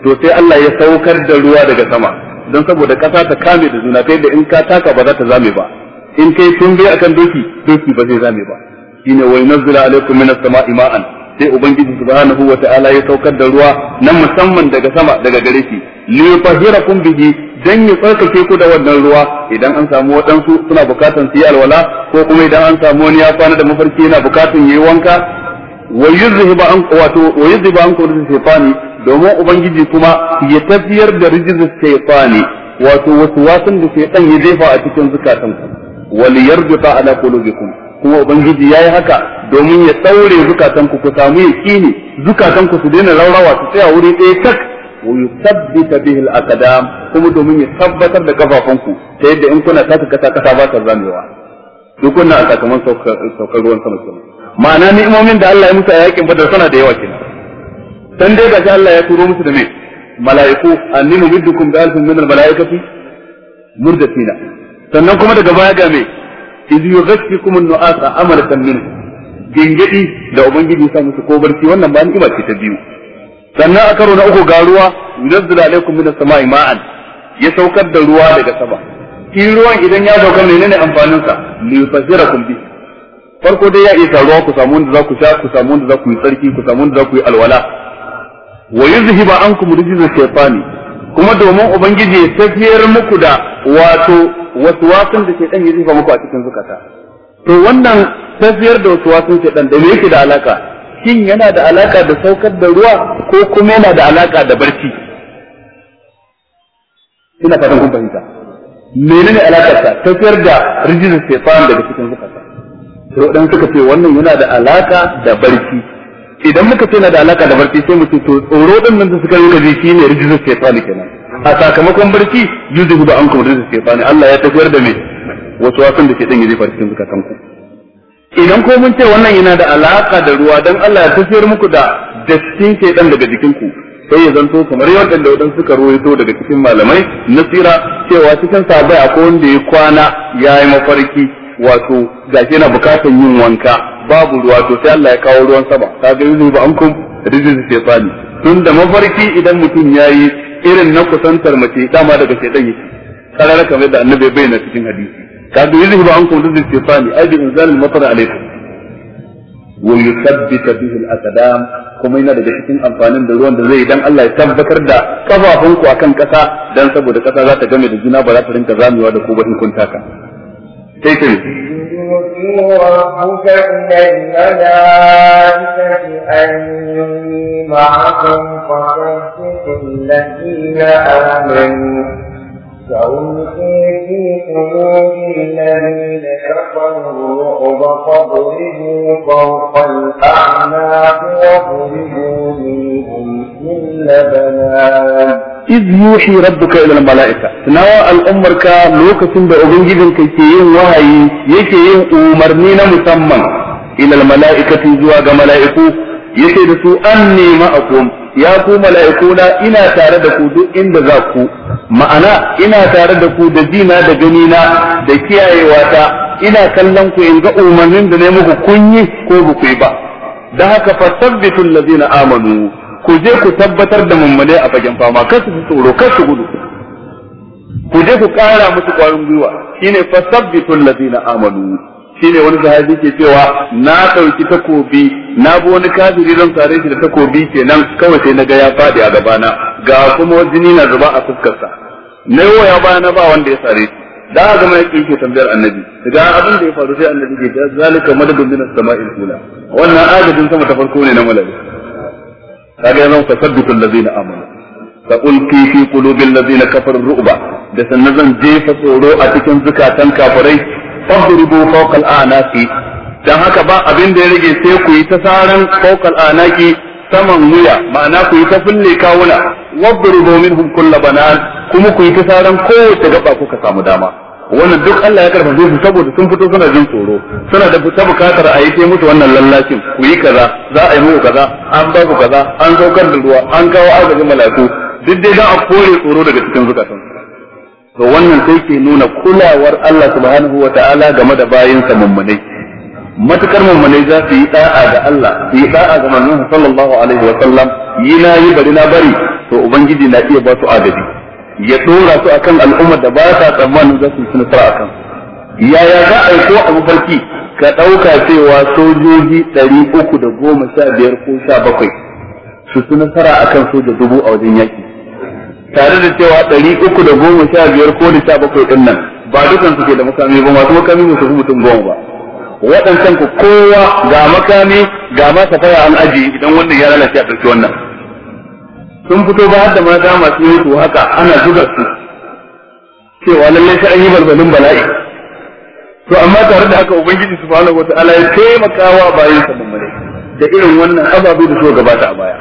to sai Allah ya saukar da ruwa daga sama don saboda kasa ta kame da juna kai da in ka taka ba za ta zame ba in kai tun bai akan doki doki ba zai zame ba shine wa yunazzila alaikum minas sama'i ma'an sai ubangiji subhanahu wa ta'ala ya saukar da ruwa na musamman daga sama daga gare shi li yufahirakum bihi dan ya tsarkake ku da wannan ruwa idan an samu waɗansu suna bukatan su yi alwala ko kuma idan an samu wani ya kwana da mafarki yana bukatan yayi wanka wa yuzhiba an wato wa yuzhiba an kudu shaytani domin ubangiji kuma ya tafiyar da rijin shaytani wato wasu wasan da shaytan ya jefa a cikin zukatan ku waliyarjuta ala qulubikum kuma ubangiji yayi haka domin ya daure zukatan ku ku samu yaqini zukatan ku su daina raurawa su tsaya wuri ɗaya tak wa yusabbita bihi al-aqdam kuma domin ya tabbatar da kafafunku ta yadda in kuna taka kasa kasa ba ta zamewa duk wannan a sakamakon saukar ruwan sama kenan ma'ana ni'imomin da Allah ya musu a yakin Badar suna da yawa kenan dan dai gashi Allah ya turo musu da me mala'iku annimu biddukum bi alfin min al-mala'ikati murdatina sannan kuma daga baya ga me idh yughashikum an-nu'asa amalatan min gingidi da ubangiji ya sa musu ko barci wannan ba ba ce ta biyu sannan a karo na uku ga ruwa yunazzilu alaikum minas sama'i ma'an ya saukar da ruwa daga sama in ruwan idan ya sauka menene amfanin sa li kun bi farko dai ya isa ruwa ku samu wanda za ku sha ku samu wanda za ku yi tsarki ku samu wanda za ku yi alwala wa yuzhiba ankum rijza shaytani kuma domin ubangiji ya tafiyar muku da wato waswasin da shaytan ya jefa muku a cikin zukata to wannan tafiyar da waswasin shaytan da yake da alaka shin yana da alaka da saukar da ruwa ko kuma yana da alaka da barci ina fatan kun fahimta menene alakar ta tafiyar da rijin shaitan daga cikin zukata to dan suka ce wannan yana da alaka da barci idan muka ce yana da alaka da barci sai mu ce to tsoro din nan da suka yi shi ne rijin shaitan kenan a sakamakon barci yuzu hudu an kuma rizqi Allah ya tafiyar da me wasu wasan da ke dan yaje cikin zakatan ku idan ko mun ce wannan yana da alaka da ruwa dan Allah ya tafiyar muku da dattin shaytan daga jikinku. ku sai ya zanto kamar da wadan suka ruwaito daga cikin malamai nasira cewa cikin sabai akwai wanda ya kwana ya yi mafarki wato gashi yana bukatar yin wanka babu ruwa to sai Allah ya kawo ruwan sama kaga yuzu ba an kun rizqi tun da mafarki idan mutum ya yi. irin na kusantar mace dama daga shaidan yake karara kamar da annabi bayyana cikin hadisi ka bi yuzhi ba an kun dukkan shaytani ai bi inzalil matar alaikum wa yuthabbita bihi al-aqdam kuma yana daga cikin amfanin da ruwan da zai dan Allah ya tabbatar da kafafun ku akan kasa dan saboda kasa za ta game da juna ba za ta rinka zamewa da ku ba in kun taka sai يطيع ربك إلى الملائكة أني معكم فصدقوا الذين آمنوا إذ يوحي ربك إلى الملائكة تنوى الأمر كا أبن بأبن كي تيين وهي يكيين أمرنين مسمى إلى الملائكة زواج ملائكو يكيد أني معكم ya ku mala'ikuna ina tare da ku duk inda za ku ma'ana ina tare da ku da jina da ganina da kiyayewa ta ina kallon ku in ga umarnin da ne muku kun yi ko ba ku yi ba da haka sabbitul ladina amanu ku je ku tabbatar da mummune a fagen fama kar su tsoro kar su gudu ku je ku kara musu kwarin gwiwa shine sabbitul ladina amanu shine wani sahabi ke cewa na dauki takobi na bi wani kafiri zan sare shi da takobi nan kawai sai na ga ya faɗi a gabana ga kuma jini na zuba a fuskarsa na yi waya na ba wanda ya sare shi da aka gama yake yake tambayar annabi daga abin da ya faru sai annabi ke ta zalika madadin min as-sama'il ula wannan adadin sama ta farko ne na malaka kaga yanzu tasadduqul na amanu fa ulqi fi qulubil na kafar ru'ba da sannan zan jefa tsoro a cikin zukatan kafirai fadribu fawqa al-anasi dan haka ba abin da ya rage sai ku yi ta saran fawqal anaki saman wuya ma'ana ku yi ta fulle kawuna wadribu minhum kull banan kuma ku yi ta saran kowace gaba kuka samu dama wannan duk Allah ya karfafe su saboda sun fito suna jin tsoro suna da ta bukatar a yi ta musu wannan lallacin ku yi kaza za a yi muku kaza an ba ku kaza an saukar da ruwa an kawo agajin malaku duk dai za a kore tsoro daga cikin zukatan to wannan sai ke nuna kulawar Allah subhanahu wa ta'ala game da bayinsa mummunai matukar mummune za su yi da'a ga Allah su yi da'a ga manzon sallallahu alaihi wa sallam yi na yi bari na bari to ubangiji na iya ba su adabi ya dora su akan al'ummar da ba ta tsammanin za su yi nasara akan yaya za a yi ko a mafarki ka ɗauka cewa sojoji ɗari uku da goma sha biyar ko sha bakwai su suna nasara akan soja dubu a wajen yaki tare da cewa ɗari uku da goma sha biyar ko da sha bakwai ɗin nan ba dukansu ke da makami ba masu makami ba su mutum goma ba waɗancan ku kowa ga makami ga ma safaya an aji idan wannan ya lalace a ƙarshe wannan sun fito ba da mata masu yi haka ana zuga su cewa lallai sai an yi balbalin bala'i to amma tare da haka ubangiji subhanahu wataala ya taimakawa bayan sa mummune da irin wannan ababe da suka gabata a baya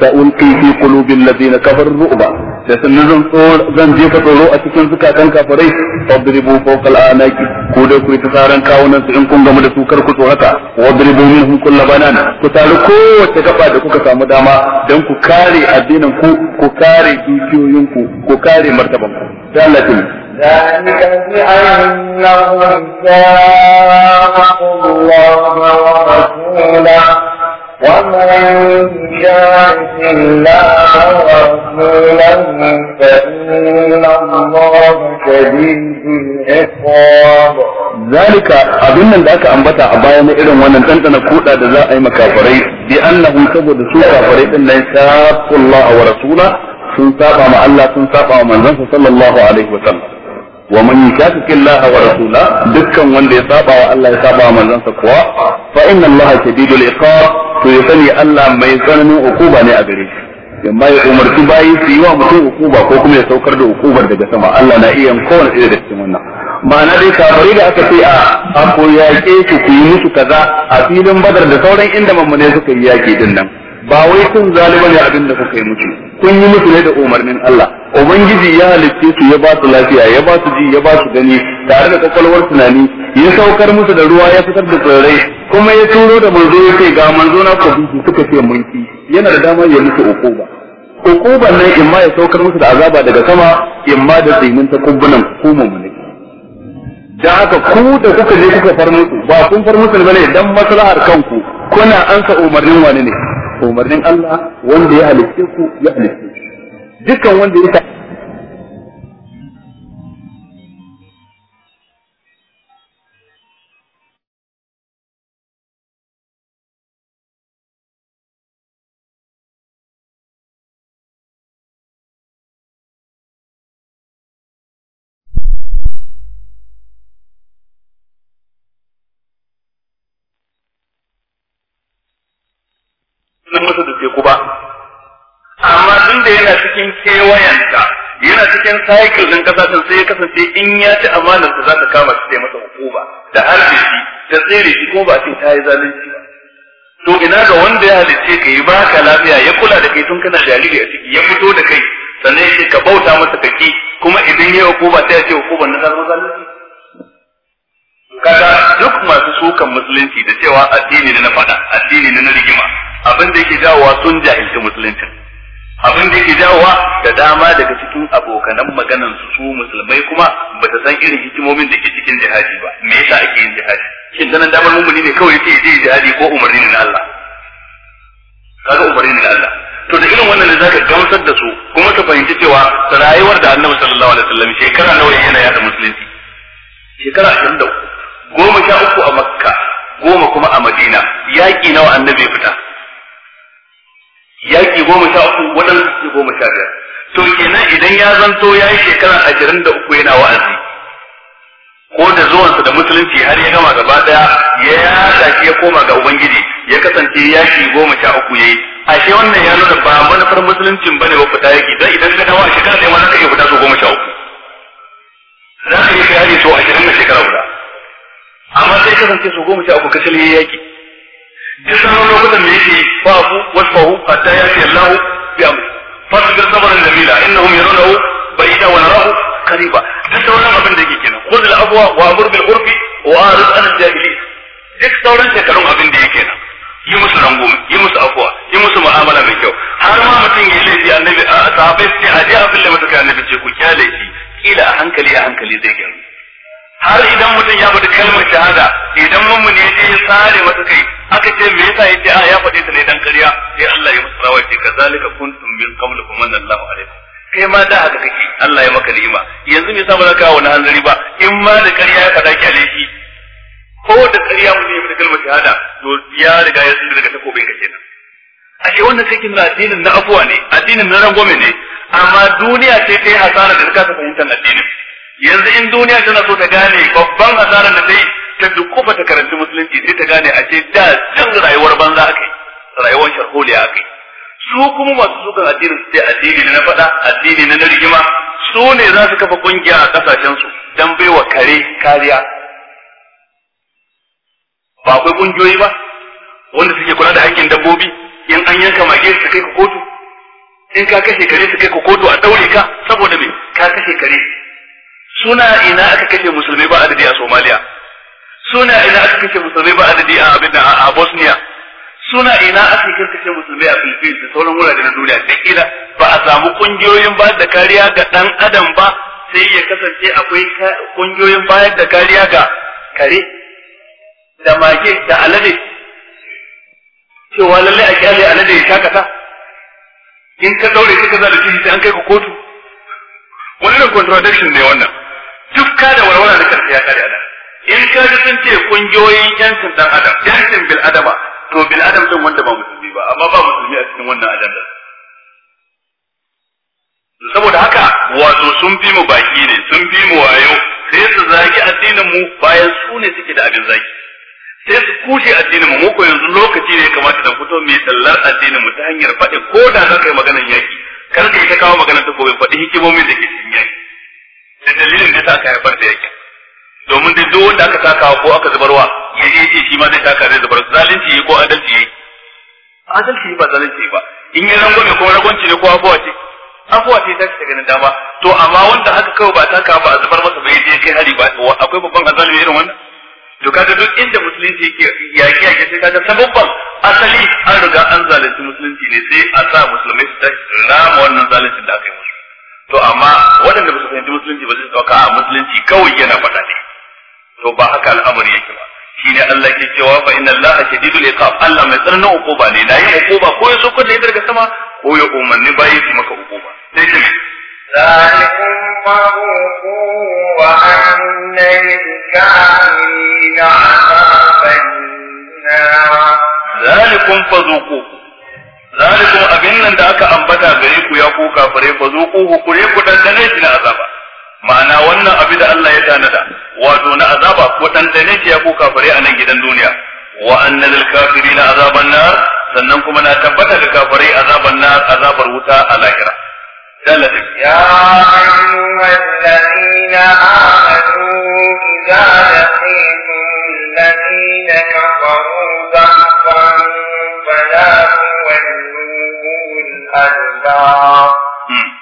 sa'ulqi fi qulubil ladina kafaru ru'ba da sannan zan zan jefa tsoro a cikin zukatan kafirai fadribu fawqa al'anaki ko da ku ta saran kawunan su in kun gamu da su kar ku tsorata wadribu minhum kull banana ku tare kowace gaba da kuka samu dama dan ku kare addinin ku ku kare dukiyoyin ku ku kare martaban ku da Allah ya ذلك بأنهم جاءوا الله ورسوله ذلك abin nan da aka ambata a baya na irin wannan ɗanɗana kuɗa da za a yi makafarai bi annahum saboda su kafarai din nan sa kullahu wa rasula sun saba ma Allah sun saba ma manzon sallallahu alaihi wa sallam wa man yushaqiqi Allah wa rasula dukkan wanda ya saba wa Allah ya saba wa manzansa kuwa fa inna Allah shadidul iqab to ya sani Allah mai tsananin ukuba ne a gare shi yamma ya umarci bayi su yi wa mutum ukuba ko kuma ya saukar da ukubar daga sama Allah na iya kowane irin da cikin wannan ma'ana dai kafare da aka ce a a ko yaƙe su ku yi musu kaza a filin badar da sauran inda mamane suka yi yaƙi din nan ba wai kun ba ne abin da kuka yi musu kun yi musu ne da umarnin Allah ubangiji ya halicce su ya ba su lafiya ya ba su ji ya ba su gani tare da kwakwalwar tunani ya saukar musu da ruwa ya fitar da tsirrai kuma ya turo da manzo ya ga manzo na ku suka ce mun ki yana da dama ya musu ukuba ukuban nan in ma ya saukar musu da azaba daga sama in ma da zaimin ta kubbunan kuma mun da haka ku da kuka je kuka far musu ba kun far musu bane dan maslahar kanku kuna ansa umarnin wani ne umarnin Allah wanda ya halicce ku ya halicce dukkan wanda ya cikin kewayenta yana cikin cycle din kasa sai ya kasance in ya ci amanar ta za ta kama su sai masa hukuma da harbe shi ta tsere shi ko ba sai ta yi zalunci ba to ina ga wanda ya halice ka yi baka lafiya ya kula da kai tun kana jariri a ciki ya fito da kai sannan ya ce ka bauta masa kaki kuma idan ya yi hukuma sai ya ce hukumar na zama zalunci kaga duk masu sukan musulunci da cewa addini ne na fada addini ne na rigima abin da yake jawowa sun jahilci musulunci abin da yake jawowa da dama daga cikin abokanan maganan su su musulmai kuma ba ta san irin hikimomin da ke cikin jihadi ba me yasa ake yin jihadi shin ganin damar mummuni ne kawai yace je jihadi ko umarni ne na Allah kaga umarni ne na Allah to da irin wannan ne zaka gamsar da su kuma ka fahimci cewa rayuwar da Annabi sallallahu alaihi wasallam shekara nawa yana yada musulunci shekara 23 goma sha uku a Makka goma kuma a Madina yaki nawa Annabi ya fita yaki goma sha uku waɗansu suke goma sha biyar to kenan idan ya zanto ya yi shekara ashirin da uku yana wa'azi ko da zuwansa da musulunci har ya gama gaba daya ya yaɗa shi ya koma ga ubangiji ya kasance yaki goma sha uku ya yi ashe wannan ya nuna ba manufar musuluncin ba ne ba fita yaki don idan ka dawo a shekara ɗaya ma za ka iya fita su goma sha uku za ka iya kai hari su ashirin da shekara guda amma sai kasance su goma sha uku ka shirye yaki duk sauran lokutan da yake fa'afu wasfahu hatta yati Allahu bi amri fasbir sabran jamila innahum yarawnahu ba'ida wa narahu qariba duk sauran abin da yake kenan khudh al-afwa wa amur bil urfi wa arid an al-jahili duk sauran shekarun abin da yake kenan yi musu rangume yi musu afwa yi musu mu'amala mai kyau har ma mutum ya laifi annabi a sahabbai su ce a je a fille masa kai annabi ce ku kyale shi kila a hankali a hankali zai gyaru har idan mutum ya bada kalmar shahada idan mummuni ya je ya sare masa kai aka ce me yasa yace a ah, ya faɗe ta ne dan ƙarya sai Allah ya masa rawa kazalika kuntum min qablu kuma Allahu alaihi kai ma da haka kake Allah ya maka ni'ima yanzu me yasa ba ka wani hanzari ba in ma da ƙarya ya faɗa ki alaihi ko da ƙarya mun yi kalmar shahada to ya riga ya sun daga takobin ka kenan ashe wannan sai kin addinin na afuwa ne addinin na rangome ne amma duniya ce ta yi hasara da ta kasa fahimtar addinin yanzu in duniya tana so ta gane babban hasarar da ta yi ta dukufa ta karanci musulunci sai ta gane a ce da jin rayuwar banza aka yi rayuwar sharholiya aka yi su kuma masu sukan addinin ce addini ne na faɗa addini ne na rigima su ne za su kafa kungiya a su don baiwa kare kariya ba akwai kungiyoyi ba wanda suke kula da hakkin dabbobi in an yanka mage su kai ka kotu in ka kashe kare su kai ka kotu a ɗaure ka saboda me ka kashe kare suna ina aka kashe musulmai ba adadi a Somaliya? suna ina aka kashe musulmai ba adadi a abin da a Bosnia suna ina aka kashe musulmai a Philippines da sauran wurare na duniya duk kila ba a samu kungiyoyin ba da kariya ga dan adam ba sai ya kasance akwai kungiyoyin bayar da kariya ga kare da mage da alade cewa lalle a kyale alade ya shakata in ka daure shi ka da shi sai an kai ka kotu wani ne contradiction ne wannan duk da walwala da karfi ya kare adam in ka ji sun ce kungiyoyin yancin dan adam yancin bil adama to bil adam din wanda ba musulmi ba amma ba musulmi a cikin wannan ajandar saboda haka wato sun fi mu baki ne sun fi mu wayo sai su zagi addinin mu bayan su ne suke da abin zagi sai su kushe addinin mu mu ko yanzu lokaci ne kamata da fito mai tsallar addinin mu ta hanyar faɗi ko da za ka yi maganar yaki kar ka yi ta kawo maganar ta gobe faɗi hikimomin da ke cikin yaki da dalilin da ta ka haifar da yaki domin dai duk wanda aka taka ko aka zubarwa ya yi ce shi ma zai taka zai zubar zalunci ko adalci yayi adalci ba zalunci ba in yi ne ko ragonci ne ko abuwa ce abuwa ce ta ce ganin dama to amma wanda haka kawai ba taka ba a zubar masa bai je kai hari ba akwai babban azalimi irin wannan to kaga duk inda musulunci yake yaki yaki sai kaga sababban asali an riga an zalunci musulunci ne sai a sa musulmai su tashi rama wannan zalunci da aka yi musu to amma waɗanda ba su fahimci musulunci ba su ɗauka a musulunci kawai yana faɗa ne to ba haka al'amari yake ba Shi ne Allah ke cewa fa inna Allah shadidul iqab Allah mai tsananin hukuma ne na yin hukuma ko ya so ko da ya daga sama ko ya umarni ba yi maka hukuma sai ce me zalikum maruhu wa anna lilkafirina azaban zalikum fazuqu zalikum abin nan da aka ambata gare ku ya ku kafare fazuqu ku kure ku dane shi na azaba ma'ana wannan abu da Allah ya tanada wato na azaba ko dandane ya ko kafare a nan gidan duniya wa anna lil kafirina azaban nar sannan kuma na tabbata da kafirai azaban nar azabar wuta a lahira dalilin ya ayyuhallazina amanu idza laqitum alladhina kafaru zahfan fala tuwalluhum adbar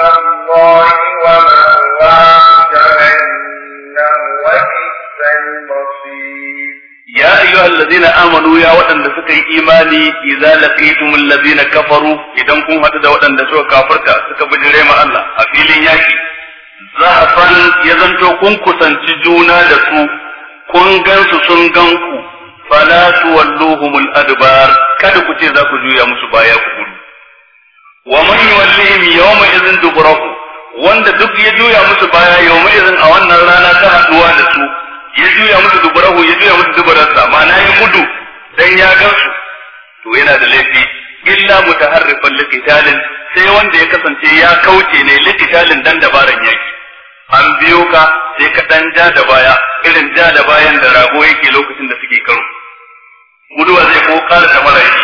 الله ومأواه جهنم وبئس المصير يا أيها الذين آمنوا يا وطن سكي إيماني إذا لقيتم الذين كفروا إذا كنتم هتدا وطن سوى كافرك سكبجري مع الله أفيلين ياكي zahafan ya zanto kun kusanci juna da su kun gansu sun ganku fala tuwalluhumul adbar kada ku ce za ku juya wa man yuwallihim yawma idhin duburahu wanda duk ya juya musu baya yawma idhin a wannan rana ta haduwa da su ya juya musu duburahu ya juya musu dubararsa ma'ana ya gudu dan ya gansu to yana da laifi illa mutaharrifan liqitalin sai wanda ya kasance ya kauce ne liqitalin dan dabaran yaki an biyo ka sai ka dan ja da baya irin ja da bayan da rago yake lokacin da suke karo guduwa zai ko kara da marayi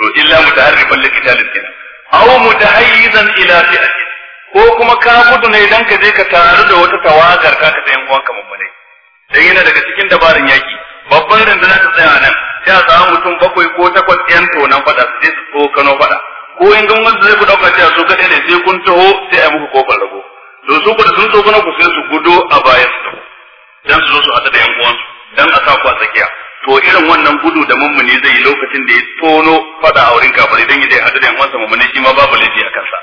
to illa mutaharrifan liqitalin kenan aw mutahayyizan ila fi'atin ko kuma ka gudu ne dan ka je ka taru da wata tawagar ka ka yan uwanka mummune dan yana daga cikin dabarun yaki babban rundunar ta tsaya nan sai a samu mutum bakwai ko takwas yan nan fada su je su kano fada ko in gan wanda zai ku dauka ta su kadai ne sai kun taho sai a muku kofar rago to su ku da sun tsokano ku sai su gudo a bayan su dan su zo su hada da yan uwansu dan a sa ku a tsakiya to irin wannan gudu da mummuni zai yi lokacin da ya tono fada a wurin kafare dan ya hadu da yan wasa mummuni shi ma babu laifi a kansa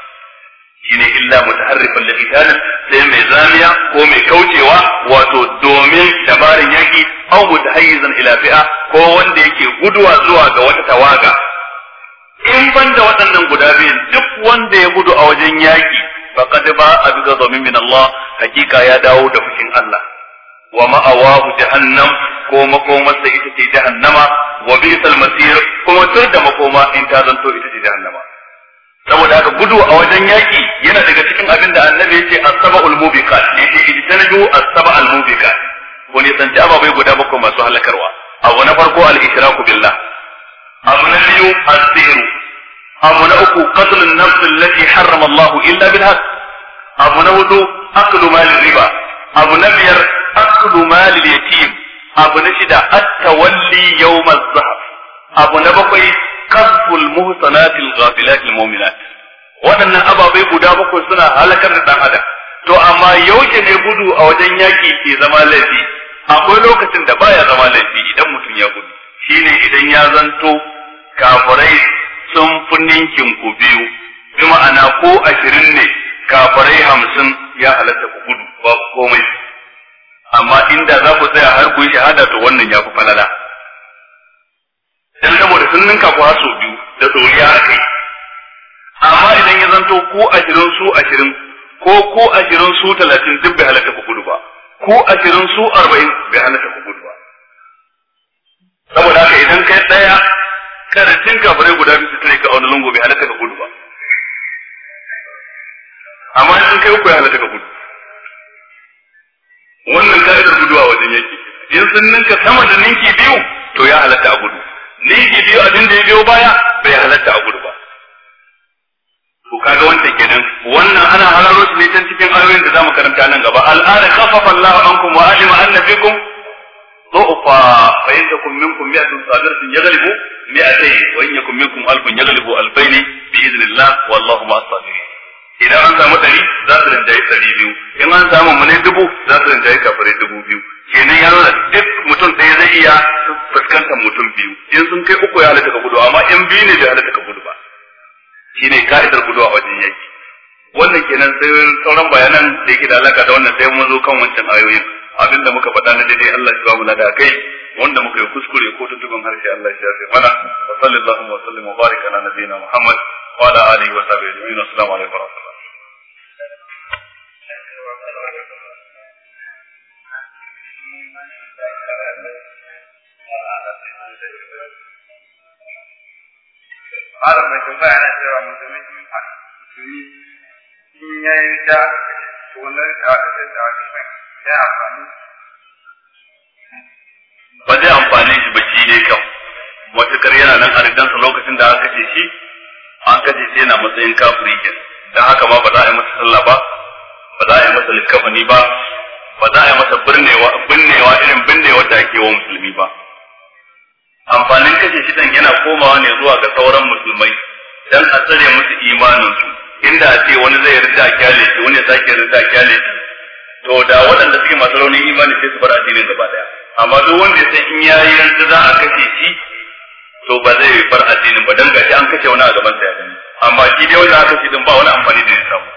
shine illa mutaharrifan da itana sai mai zamiya ko mai kaucewa wato domin dabarin yaki aw mutahayyizan ila fi'a ko wanda yake guduwa zuwa ga wata tawaga in ban da waɗannan guda biyun duk wanda ya gudu a wajen yaki faqad ba a bi min Allah hakika ya dawo da fushin Allah wa ma'awahu jahannam koma makomarsa ita ce jahannama wa bi'sal masir kuma tur da makoma in ta zanto ita ce jahannama saboda haka gudu a wajen yaki yana daga cikin abin da annabi yace Asaba sabul mubiqat yace ijtanibu Asaba sabal mubiqat ko ne santi ababai guda bakwai masu halakarwa abu na farko al-ishraku billah abu na biyu asiru. abu na uku qatl an-nafs allati harrama Allah illa bil haqq abu na hudu aklu mal riba abu na biyar aklu mal yatim abu na shida at-tawalli yawm az-zahab abu na bakwai qazful muhsanatil ghafilatil mu'minat waɗannan ababai guda bakwai suna halakar da dan adam to amma yauke ne gudu a wajen yaki ke zama laifi akwai lokacin da baya zama laifi idan mutum ya gudu shine idan ya zanto kafirai sun fi ninkin ku biyu bi ma'ana ko ashirin ne kafirai hamsin ya halatta ku gudu babu komai amma inda za ku tsaya har ku yi shahada to wannan ya fi falala dan saboda sun ninka ku haso biyu da a kai amma idan ya zanto ko ashirin su ashirin ko ko ashirin su talatin duk bai halatta ku gudu ba ko ashirin su arba'in bai halatta ku gudu ba saboda haka idan kai tsaya karatun kafirai guda biyu su tare ka auna lungu bai halatta ka gudu ba amma in kai uku ya halatta ka gudu wannan ka'idar guduwa wajen yaki. in sun ninka sama da ninki biyu to ya halatta a gudu ninki biyu abin da ya biyo baya bai halatta a gudu ba to kaga wancan kenan wannan ana hararo shi ne can cikin ayoyin da zamu karanta nan gaba al'ana khaffafa Allahu ankum wa alima anna fikum ضعفا فإن تكن منكم مئة صابرة يغلب مئتين وإن يكن منكم ألف يغلب ألفين bi الله والله مع الصابرين idan an samu ɗari za su rinjaye ɗari biyu in an samu mune dubu za su rinjaye kafare dubu biyu kenan ya nuna duk mutum ɗaya zai iya fuskantar mutum biyu in sun kai uku ya halatta ka gudu amma in biyu ne bai halatta ka gudu ba shine ka'idar gudu a wajen yaki wannan kenan sai sauran bayanan da yake da alaka da wannan sai mun zo kan wancan ayoyin abinda muka faɗa na daidai Allah ya ba mu lada kai wanda muka yi kuskure ko tuntuban harshe Allah ya shafe mana wa sallallahu wa sallam wa baraka ala nabiyina Muhammad wa ala alihi wa sahbihi Ba zai amfani shi ba shi ne kam. Matuƙar yana nan a rigansa lokacin da aka ce shi an kace shi yana matsayin kafiri kenan. haka ma ba za a yi masa sallah ba ba za a yi masa likafani ba ba za a yi masa binnewa binnewa irin binnewa da ake wa musulmi ba amfanin kashe shi dan yana komawa ne zuwa ga sauran musulmai dan a tsare musu imanin su inda a ce wani zai rinda kyale shi wani sake rinda kyale shi to da waɗanda suke masu raunin imani sai su bar addinin gaba daya amma duk wanda ya san in yayi rinda za a kashe shi to ba zai bar addinin ba dan gashi an kashe wani a gaban sa ya gani amma shi dai wanda aka kashe din ba wani amfani da ya samu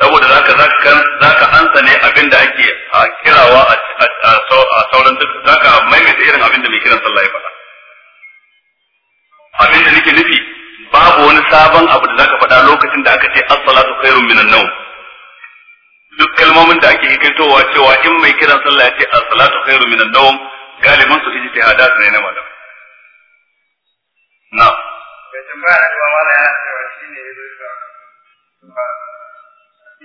saboda zaka zaka zaka ansa ne abin da ake kirawa a sauran duk zaka maimaita irin abin da mai kiran sallah ya faɗa abin da nake nufi babu wani sabon abu da zaka faɗa lokacin da aka ce as-salatu khairun minan nawm duk kalmomin da ake hikaitowa cewa in mai kiran sallah ya ce as-salatu khairun minan nawm galiban su ijtihadat ne na malamai na'am da tambaya da malam ya ce shine yayin da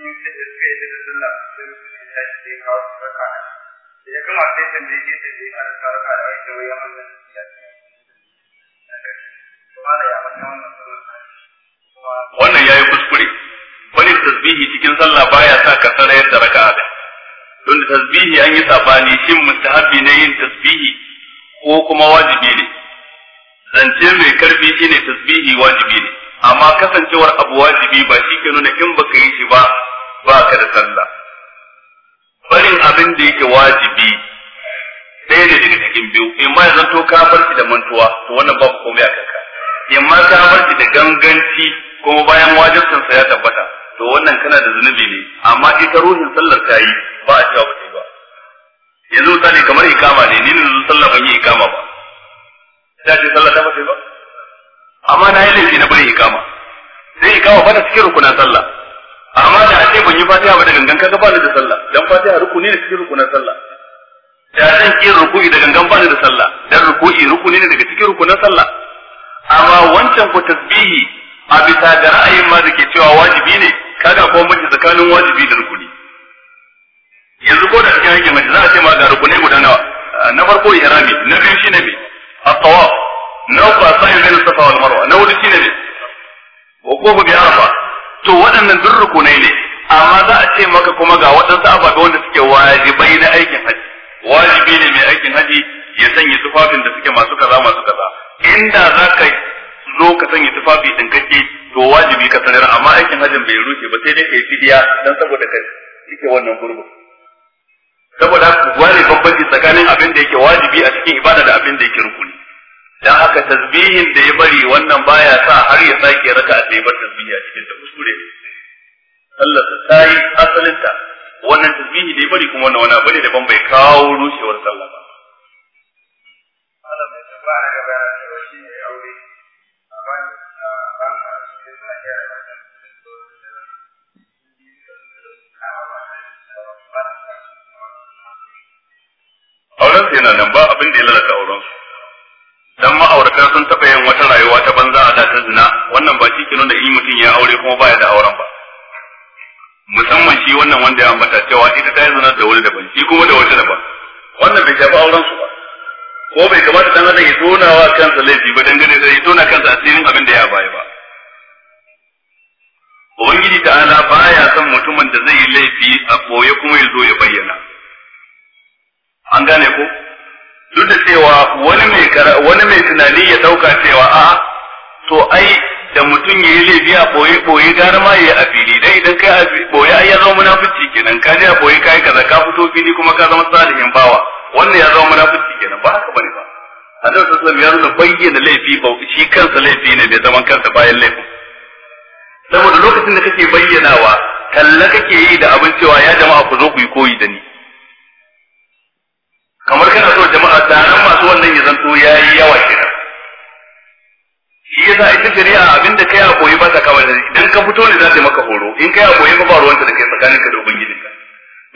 sun da suka yi da sai shi kawo wannan yayi kuskure wani tasbihi cikin sallah baya sa ka sarayar yadda raka'a da don tasbihi an yi sabani shin mutahabbi ne yin tasbihi ko kuma wajibi ne zance mai karfi shine tasbihi wajibi ne amma kasancewar abu wajibi ba shi ke nuna in baka yi shi ba ba ka da sallah barin abin da yake wajibi ɗaya ne daga cikin biyu in ma ya to ka bar da mantuwa to wannan babu komai a kanka in ma ka bar da ganganci kuma bayan wajibcin sa ya tabbata to wannan kana da zunubi ne amma ita ruhin sallar ta yi ba a cewa ba ba yanzu misali kamar ikama ne ni ne sallah ban yi ikama ba ta ce sallah ta ba amma na yi laifi na bari ikama zai ikama ba da cikin rukunan sallah amma da ake ban yi fatiha ba da gangan kaga ba ni da sallah dan fatiha rukuni ne cikin rukunan sallah da zan ki ruku'i da gangan ba ni da sallah dan ruku'i rukuni ne daga cikin rukunan sallah amma wancan ku tasbihi a bisa da ra'ayin ma da ke cewa wajibi ne kaga ko mace tsakanin wajibi da rukuni yanzu ko da cikin hakkin mace za a ce ma ga rukuni guda nawa na farko ihrami na biyu shi ne a tawaf na uku sa'in bai na safa wal marwa na shi ne me wa qufu bi arafa to waɗannan duk rukunai ne amma za a ce maka kuma ga waɗansu ababe wanda suke wajibai na aikin haji wajibi ne mai aikin haji ya sanya tufafin da suke masu kaza masu kaza inda za ka zo ka sanya tufafi din kake to wajibi ka sanar amma aikin hajin bai rushe ba sai dai kai fidiya dan saboda ka yake wannan gurbin saboda wani babban tsakanin abin da yake wajibi a cikin ibada da abin da yake rukuni dan haka tasbihin da ya bari wannan baya sa har ya sake raka da ya bar tasbihi a cikin ta kuskure Allah ta tayi asalin ta wannan tasbihi da ya bari kuma wannan wani abu ne daban bai kawo rushewar sallah ba su yana nan ba abin da ya lalata auren su. dan ma'aurata sun taɓa yin wata rayuwa ta banza a ta zina wannan ba shi kinon da in mutum ya aure kuma baya da auren ba musamman shi wannan wanda ya ambata cewa ita ta yi zina da wani daban shi kuma da wata daban wannan bai shafi auren su ba ko bai kamata dan adam ya tona wa kansa laifi ba dangane da ya tona kansa asirin abin da ya baya ba ubangiji ala baya son mutumin da zai yi laifi a koye kuma ya zo ya bayyana an gane ko duk da cewa wani mai wani mai tunani ya dauka cewa a to ai da mutum ya yi laifi a boye boye gara ma yayi a fili dai idan kai a boye ai ya zama munafici kenan ka je a boye kai kaza ka fito fili kuma ka zama salihin bawa wannan ya zama munafici kenan ba haka bane ba Allah ta sallam ya nuna bayyana laifi ba shi kansa laifi ne bai zaman kansa bayan laifin saboda lokacin da kake bayyanawa talla kake yi da abin cewa ya jama'a ku zo ku yi koyi da ni kamar kana so jama'a taron masu wannan ya zanto ya yi yawa kenan shi yasa ita shari'a abinda kai a koyi ba ta kawai idan ka fito ne za ta maka horo in kai a koyi ba ruwanta da kai tsakaninka da ubangijinka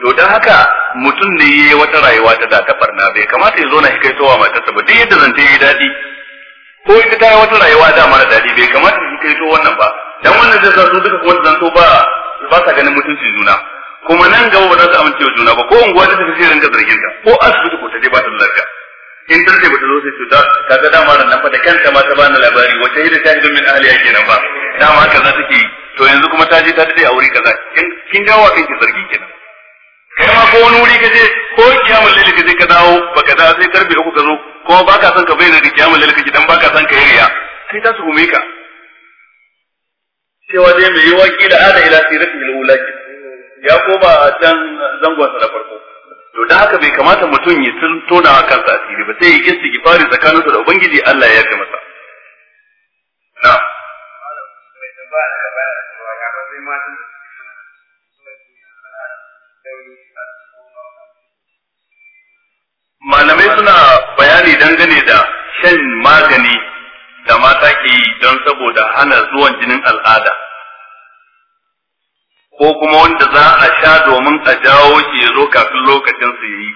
to dan haka mutum ne ya yi wata rayuwa ta da ta bai kamata ya zo na kai towa matarsa ba duk yadda zan yi daɗi ko ita ta yi wata rayuwa da mara daɗi bai kamata ya kai to wannan ba dan wannan zai sa su duka kuma zanto ba ba sa ganin mutuncin juna kuma nan gaba ba za su amince wa juna ba ko unguwa da take sai rinka zargin ta ko asibiti ko ta je ba ta lafiya in ta ce ba ta zo sai cuta ta ga dama da nan ba da kanta ma ta bani labari wata hidda ta hidda min ahliya kenan ba dama za take yi to yanzu kuma ta je ta dade a wuri kaza kin dawo kanki zargi kenan kai ma ko wani wuri kaje ko kiyamul lail kaje ka dawo ba ka dawo sai karfe uku ka zo ba ka son ka bayyana da kiyamul lail kaje dan ka son ka yi riya sai ta su hume ka cewa dai mai yiwa kila ada ila sirati al ya koma a can zangonsa na farko to da haka bai kamata mutum ya tona a kansa a ba sai ya gifari tsakaninsa da ubangiji Allah ya yafe masa na malamai suna bayani dangane da shan magani da mata ke yi don saboda hana zuwan jinin al'ada ko kuma wanda za a sha domin a jawo shi ya zo kafin lokacin su yi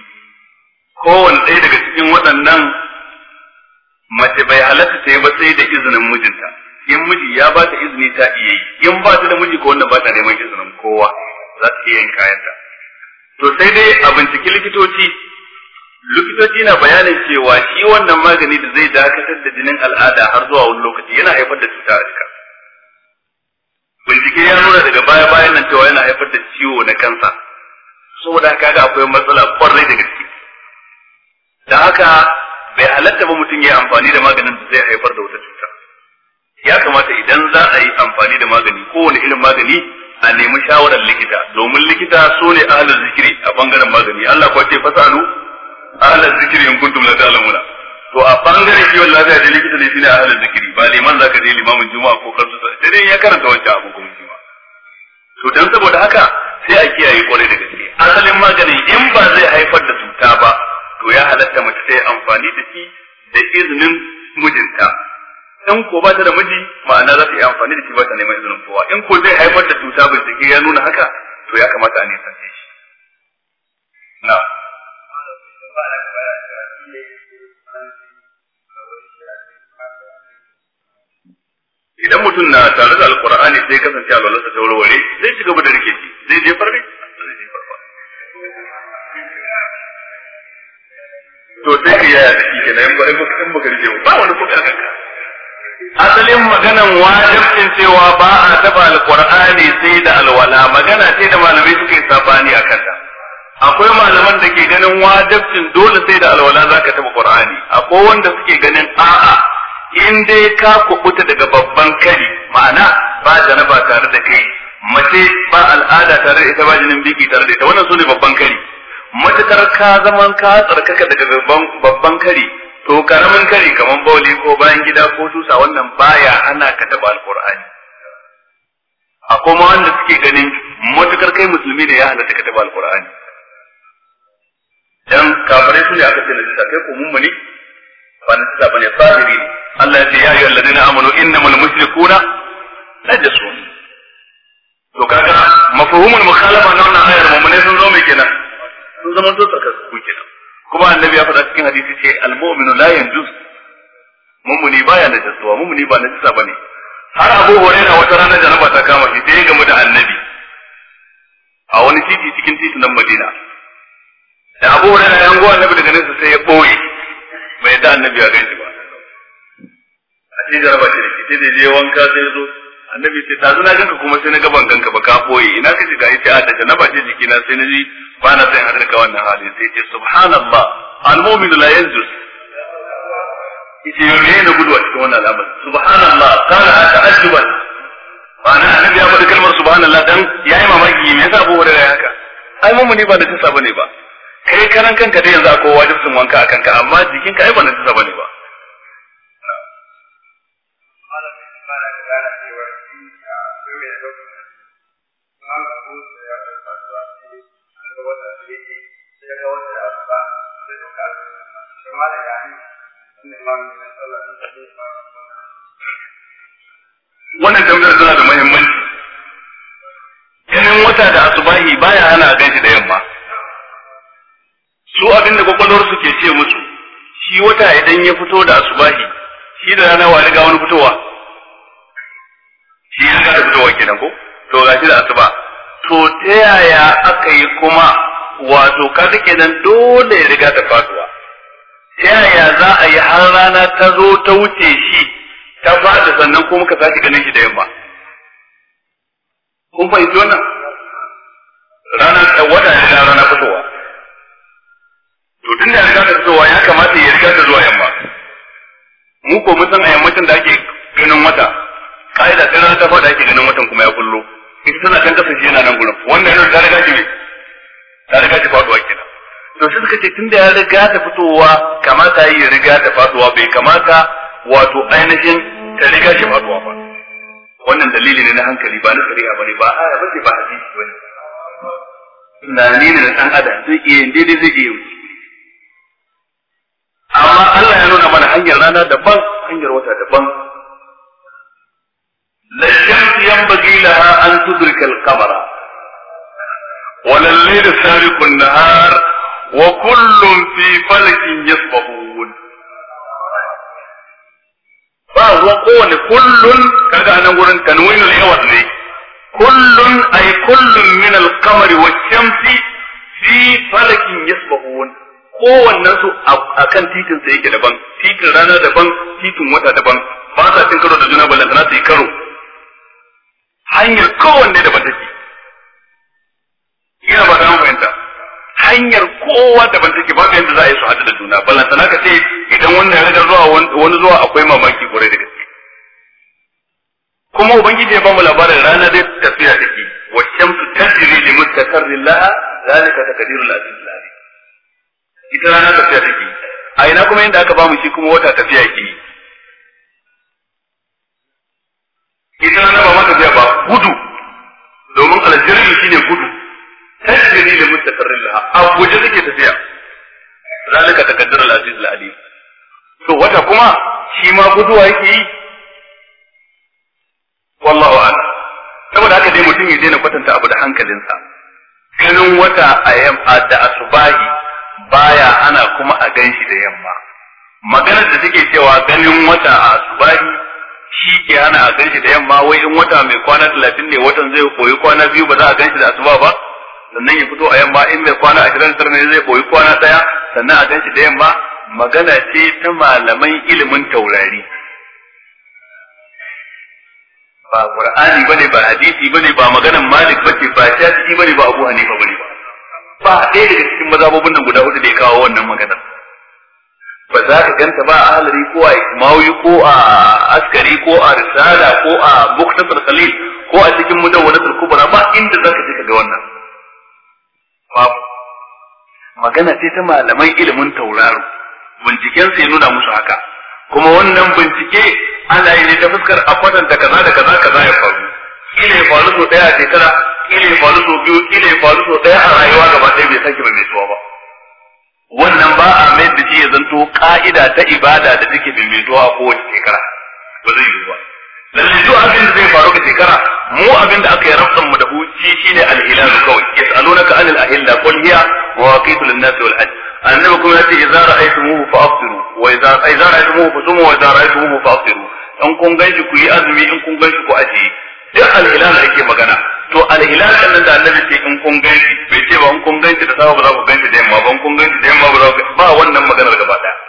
kowane ɗaya daga cikin waɗannan mace bai halatta ta yi ba sai da izinin mijinta in miji ya ba ta izini ta iya yi in ba ta da miji ko wanda ba ta neman izinin kowa za ta iya yin kayanta to sai dai a binciki likitoci likitoci na bayanin cewa shi wannan magani da zai dakatar da jinin al'ada har zuwa wani lokaci yana haifar da cuta a cika. bincike ya nuna daga baya bayan nan cewa yana haifar da ciwo na kansa saboda ga akwai matsala kwarai da gaske da haka bai halatta ba mutum ya yi amfani da maganin da zai haifar da wata cuta ya kamata idan za a yi amfani da magani kowane irin magani a nemi shawarar likita domin likita so ne ahalar zikiri a bangaren magani Allah kwace fasalu ahalar zikiri in kuntum la ta'lamuna to a bangaren kiwon lafiya da likita ne a halin zikiri ba liman zaka je limamin juma'a ko kansu sai dai ya karanta wancan abu kuma juma'a to dan saboda haka sai a kiyaye kwarai da gaske asalin magani in ba zai haifar da cuta ba to ya halatta mace ta yi amfani da shi da izinin mijinta in ko ba ta da miji ma'ana za ta yi amfani da shi ba ta neman izinin kowa in ko zai haifar da cuta bincike ya nuna haka to ya kamata a nisan shi na'am sunna tare da alkur'ani sai kasance a lalata ta warware zai ci gaba da rike shi zai je farbe zai je to sai ka yaya da shi kenan ba ba kan ba ba wani ko kan ka asalin maganan wajibin cewa ba a taba alkur'ani sai da alwala magana ce da malamai suke sabani a kanta akwai malaman da ke ganin wajibin dole sai da alwala zaka taba qur'ani akwai wanda suke ganin a'a in dai ka kubuta daga babban kari ma'ana ba janaba tare da kai mace ba al'ada tare da ita ba jinin biki tare da ita wannan sune babban kari matukar ka zaman ka tsarkaka daga babban kari to karamin kari kamar bauli ko bayan gida ko tusa wannan baya ana ka taba alqur'ani akwai ma wanda suke ganin matukar kai musulmi ne ya halatta ka taba alqur'ani dan kafirai su ne aka ce na kai ko mummuni ba na bane fadiri ne Allah ya ce ya yi na ayyuhal ladina amanu innamal na najasun to kaga mafhumul mukhalafa na wannan ayar mu'mine sun zo mai kenan sun zama to tsaka ku kenan kuma annabi ya faɗa cikin hadisi ce al mu'minu la yanjus mummuni baya najasuwa mummuni ba na najasa bane har Abu hore na wata ranar janaba ta kama shi sai ya gamu da annabi a wani titi cikin titi nan Madina da Abu hore na ya hango annabi daga nesa sai ya boye bai da annabi ya gaishe ba a ce jaraba ce da ke sai je wanka sai zo annabi sai tazo na ganka kuma sai na gaban ganka ba ka boye ina ka shiga yace a daga na ba ce jikina sai na ji ba na san ka wannan hali sai ce subhanallah almu'minu la yanzus yace yo me na gudu a cikin wannan al'amari subhanallah kana ta'ajjuban ma'ana annabi ya faɗi kalmar subhanallah dan yayi mamaki me yasa abu da haka ai mumuni ba da tisa ne ba kai karan kanka da yanzu akwai wajibin wanka akan ka amma jikinka ai ba na tisa bane ba wannan tambayar tana da muhimmanci ganin wata da asubahi baya hana a ganshi da yamma su abin da kwakwalwar su ke ce musu shi wata idan ya fito da asubahi shi da rana wa riga wani fitowa shi ya ga da fitowa kenan ko to gashi da asuba to ta yaya aka yi kuma wato kaga kenan dole ya riga ta faduwa yaya za a yi har rana ta zo ta wuce shi ta faɗi sannan ko muka sake ganin shi da yamma kun fahimci wannan rana ta wata ne da rana fitowa to tun da riga da fitowa ya kamata ya riga ta zuwa yamma mu ko mun san a yammacin da ake ganin wata ka'ida ta rana ta faɗi ake ganin watan kuma ya kullo ita tana kan kasance yana nan gurin wanda yana da riga ta riga ta faɗuwa kenan to sai suka ce tunda ya riga ta fitowa kamata yi riga ta faduwa bai kamata wato ainihin ta riga shi faduwa ba wannan dalili ne na hankali ba na shari'a bane ba aya ba ce ba hadisi bane tunani ne na dan adam zai iya yin daidai zai iya amma Allah ya nuna mana hanyar rana daban hanyar wata daban للشمس ينبغي لها أن تدرك القمر ولليل سارق النهار wa kullum fi falakin yasbahun ba كل kowane kullun kaga anan gurin كل al كل ne القمر والشمس في min يسبحون qamari wash fi falakin su titin sa yake daban titin rana daban titin wata daban ba sa cin karo da juna su yi karo hanyar kowanne daban take ina ba ta fahimta hanyar kowa daban take babu yadda za a yi su hadu da juna balantana ka ce idan wannan ya riga zuwa wani zuwa akwai mamaki kwarai da gaske kuma ubangiji ya bamu labarin rana dai tafiya take wa shamsu tajri li mustaqarrin laha zalika taqdirul aziz alim ita rana tafiya take a ina kuma inda aka bamu shi kuma wata tafiya yake ita rana ba ma tafiya ba gudu domin shi shine gudu tajri li mustaqarrin laha a guje suke tafiya zalika taqaddaru al-aziz al-alim to wata kuma shi ma guduwa yake yi wallahu a'lam saboda haka dai mutum ya daina kwatanta abu da hankalinsa ganin wata a yamma da asubahi baya ana kuma a ganshi da yamma maganar da suke cewa ganin wata a asubahi shi ke ana a ganshi da yamma wai in wata mai kwana talatin ne watan zai koyi kwana biyu ba za a ganshi da asuba ba sannan ya fito a yamma in mai kwana a shirin ne zai koyi kwana ɗaya sannan a ganshi da yamma magana ce ta malaman ilimin taurari ba qur'ani bane ba hadisi bane ba maganan malik bace ba shafi'i bane ba abu hanifa bane ba ba ɗaya daga cikin mazhabobin nan guda hudu da ya kawo wannan maganar ba za ka ganta ba a halari ko a ikmawi ko a askari ko a risala ko a muktasar khalil ko a cikin mudawwanatul kubra ba inda za ka je ka ga wannan babu magana ce ta malaman ilimin tauraro binciken sai nuna musu haka kuma wannan bincike ana yi ne ta fuskar a kwatanta kaza da kaza kaza ya faru kila ya faru sau daya a shekara kila ya faru sau biyu kila ya faru sau daya a rayuwa gaba ɗaya bai sake ba mai tuwa ba wannan ba a mayar da shi ya zanto ka'ida ta ibada da take bimbintuwa a kowace shekara ba zai yiwu ba lalle duk abin da zai faru ga shekara mu abin da aka yi rafsan mu da huci shine al-hilal kawai yas'alunaka anil ahilla qul hiya mawaqitu lin-nas wal hajj annabi kuma yace idza ra'aytumuhu fa'tiru wa idza idza ra'aytumuhu fasumu wa idza ra'aytumuhu fa'tiru in kun ganshi ku yi azumi in kun ganshi ku aje duk al-hilal ake magana to al-hilal din nan da annabi ce in kun ganshi bai ce ba in kun ganshi da safa ba za ku ganshi da yamma ba in kun ganshi da yamma ba za ku ba wannan maganar gaba daya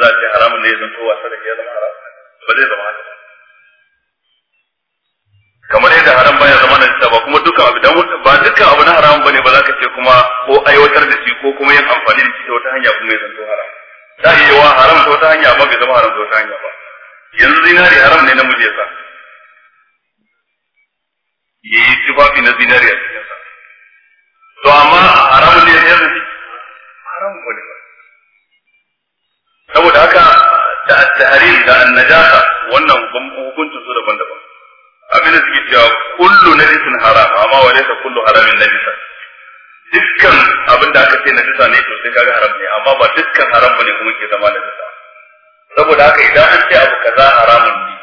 za a ce haramun ne zan zanto sadaka ya zama haram ba zai zama haka kamar yadda haram baya zama nan ta ba kuma dukkan abu ba dukkan abu na haram bane ba za ka ce kuma ko aiwatar da shi ko kuma yin amfani da shi ta wata hanya kuma ya zanto haram ta iya wa haram ta wata hanya ba bai zama haram ta wata hanya ba yanzu zinari haram ne namiji ya sa ya yi tufafi na zinari a cikinsa to amma haram ne ya zai haram ne ba saboda haka da at-tahrim da najasa wannan hukuncin su daban-daban abin da suke cewa kullu najisin haram amma wa laysa kullu haramin najisa dukkan abin da aka ce najisa ne to sai kaga haram ne amma ba dukkan haram bane kuma ke zama najisa saboda haka idan an ce abu kaza haramun ne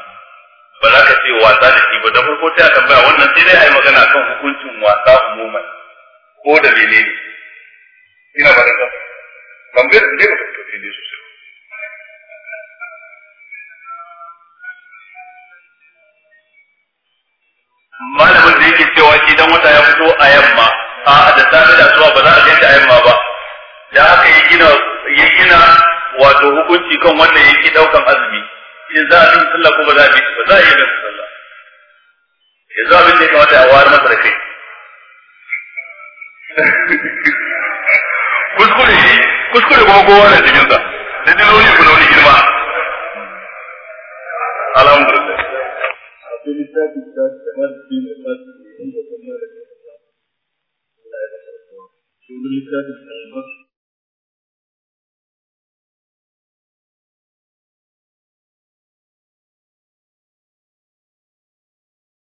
ba za ka ce wasa da shi ba da farko sai a tambaya wannan sai dai a yi magana kan hukuncin wasa umuman ko da menene ina ba da kan ban ga da ne ba ta tafi ne sosai malamin da yake cewa shi dan wata ya fito a yamma a da safe da suwa ba za a ganta a yamma ba da aka yi gina ya gina wato hukunci kan wannan yake daukan azumi in za a bin sallah ko ba za a bi ba za a yi da sallah yanzu abin da ya kamata a wayar masa da kai kuskure kuskure kuma kowa na cikin sa da diloli ku nauni girma alhamdulillah fasi mai fasi wanda kuma da da fasa. da ya da kuma. Shugaban littafin albar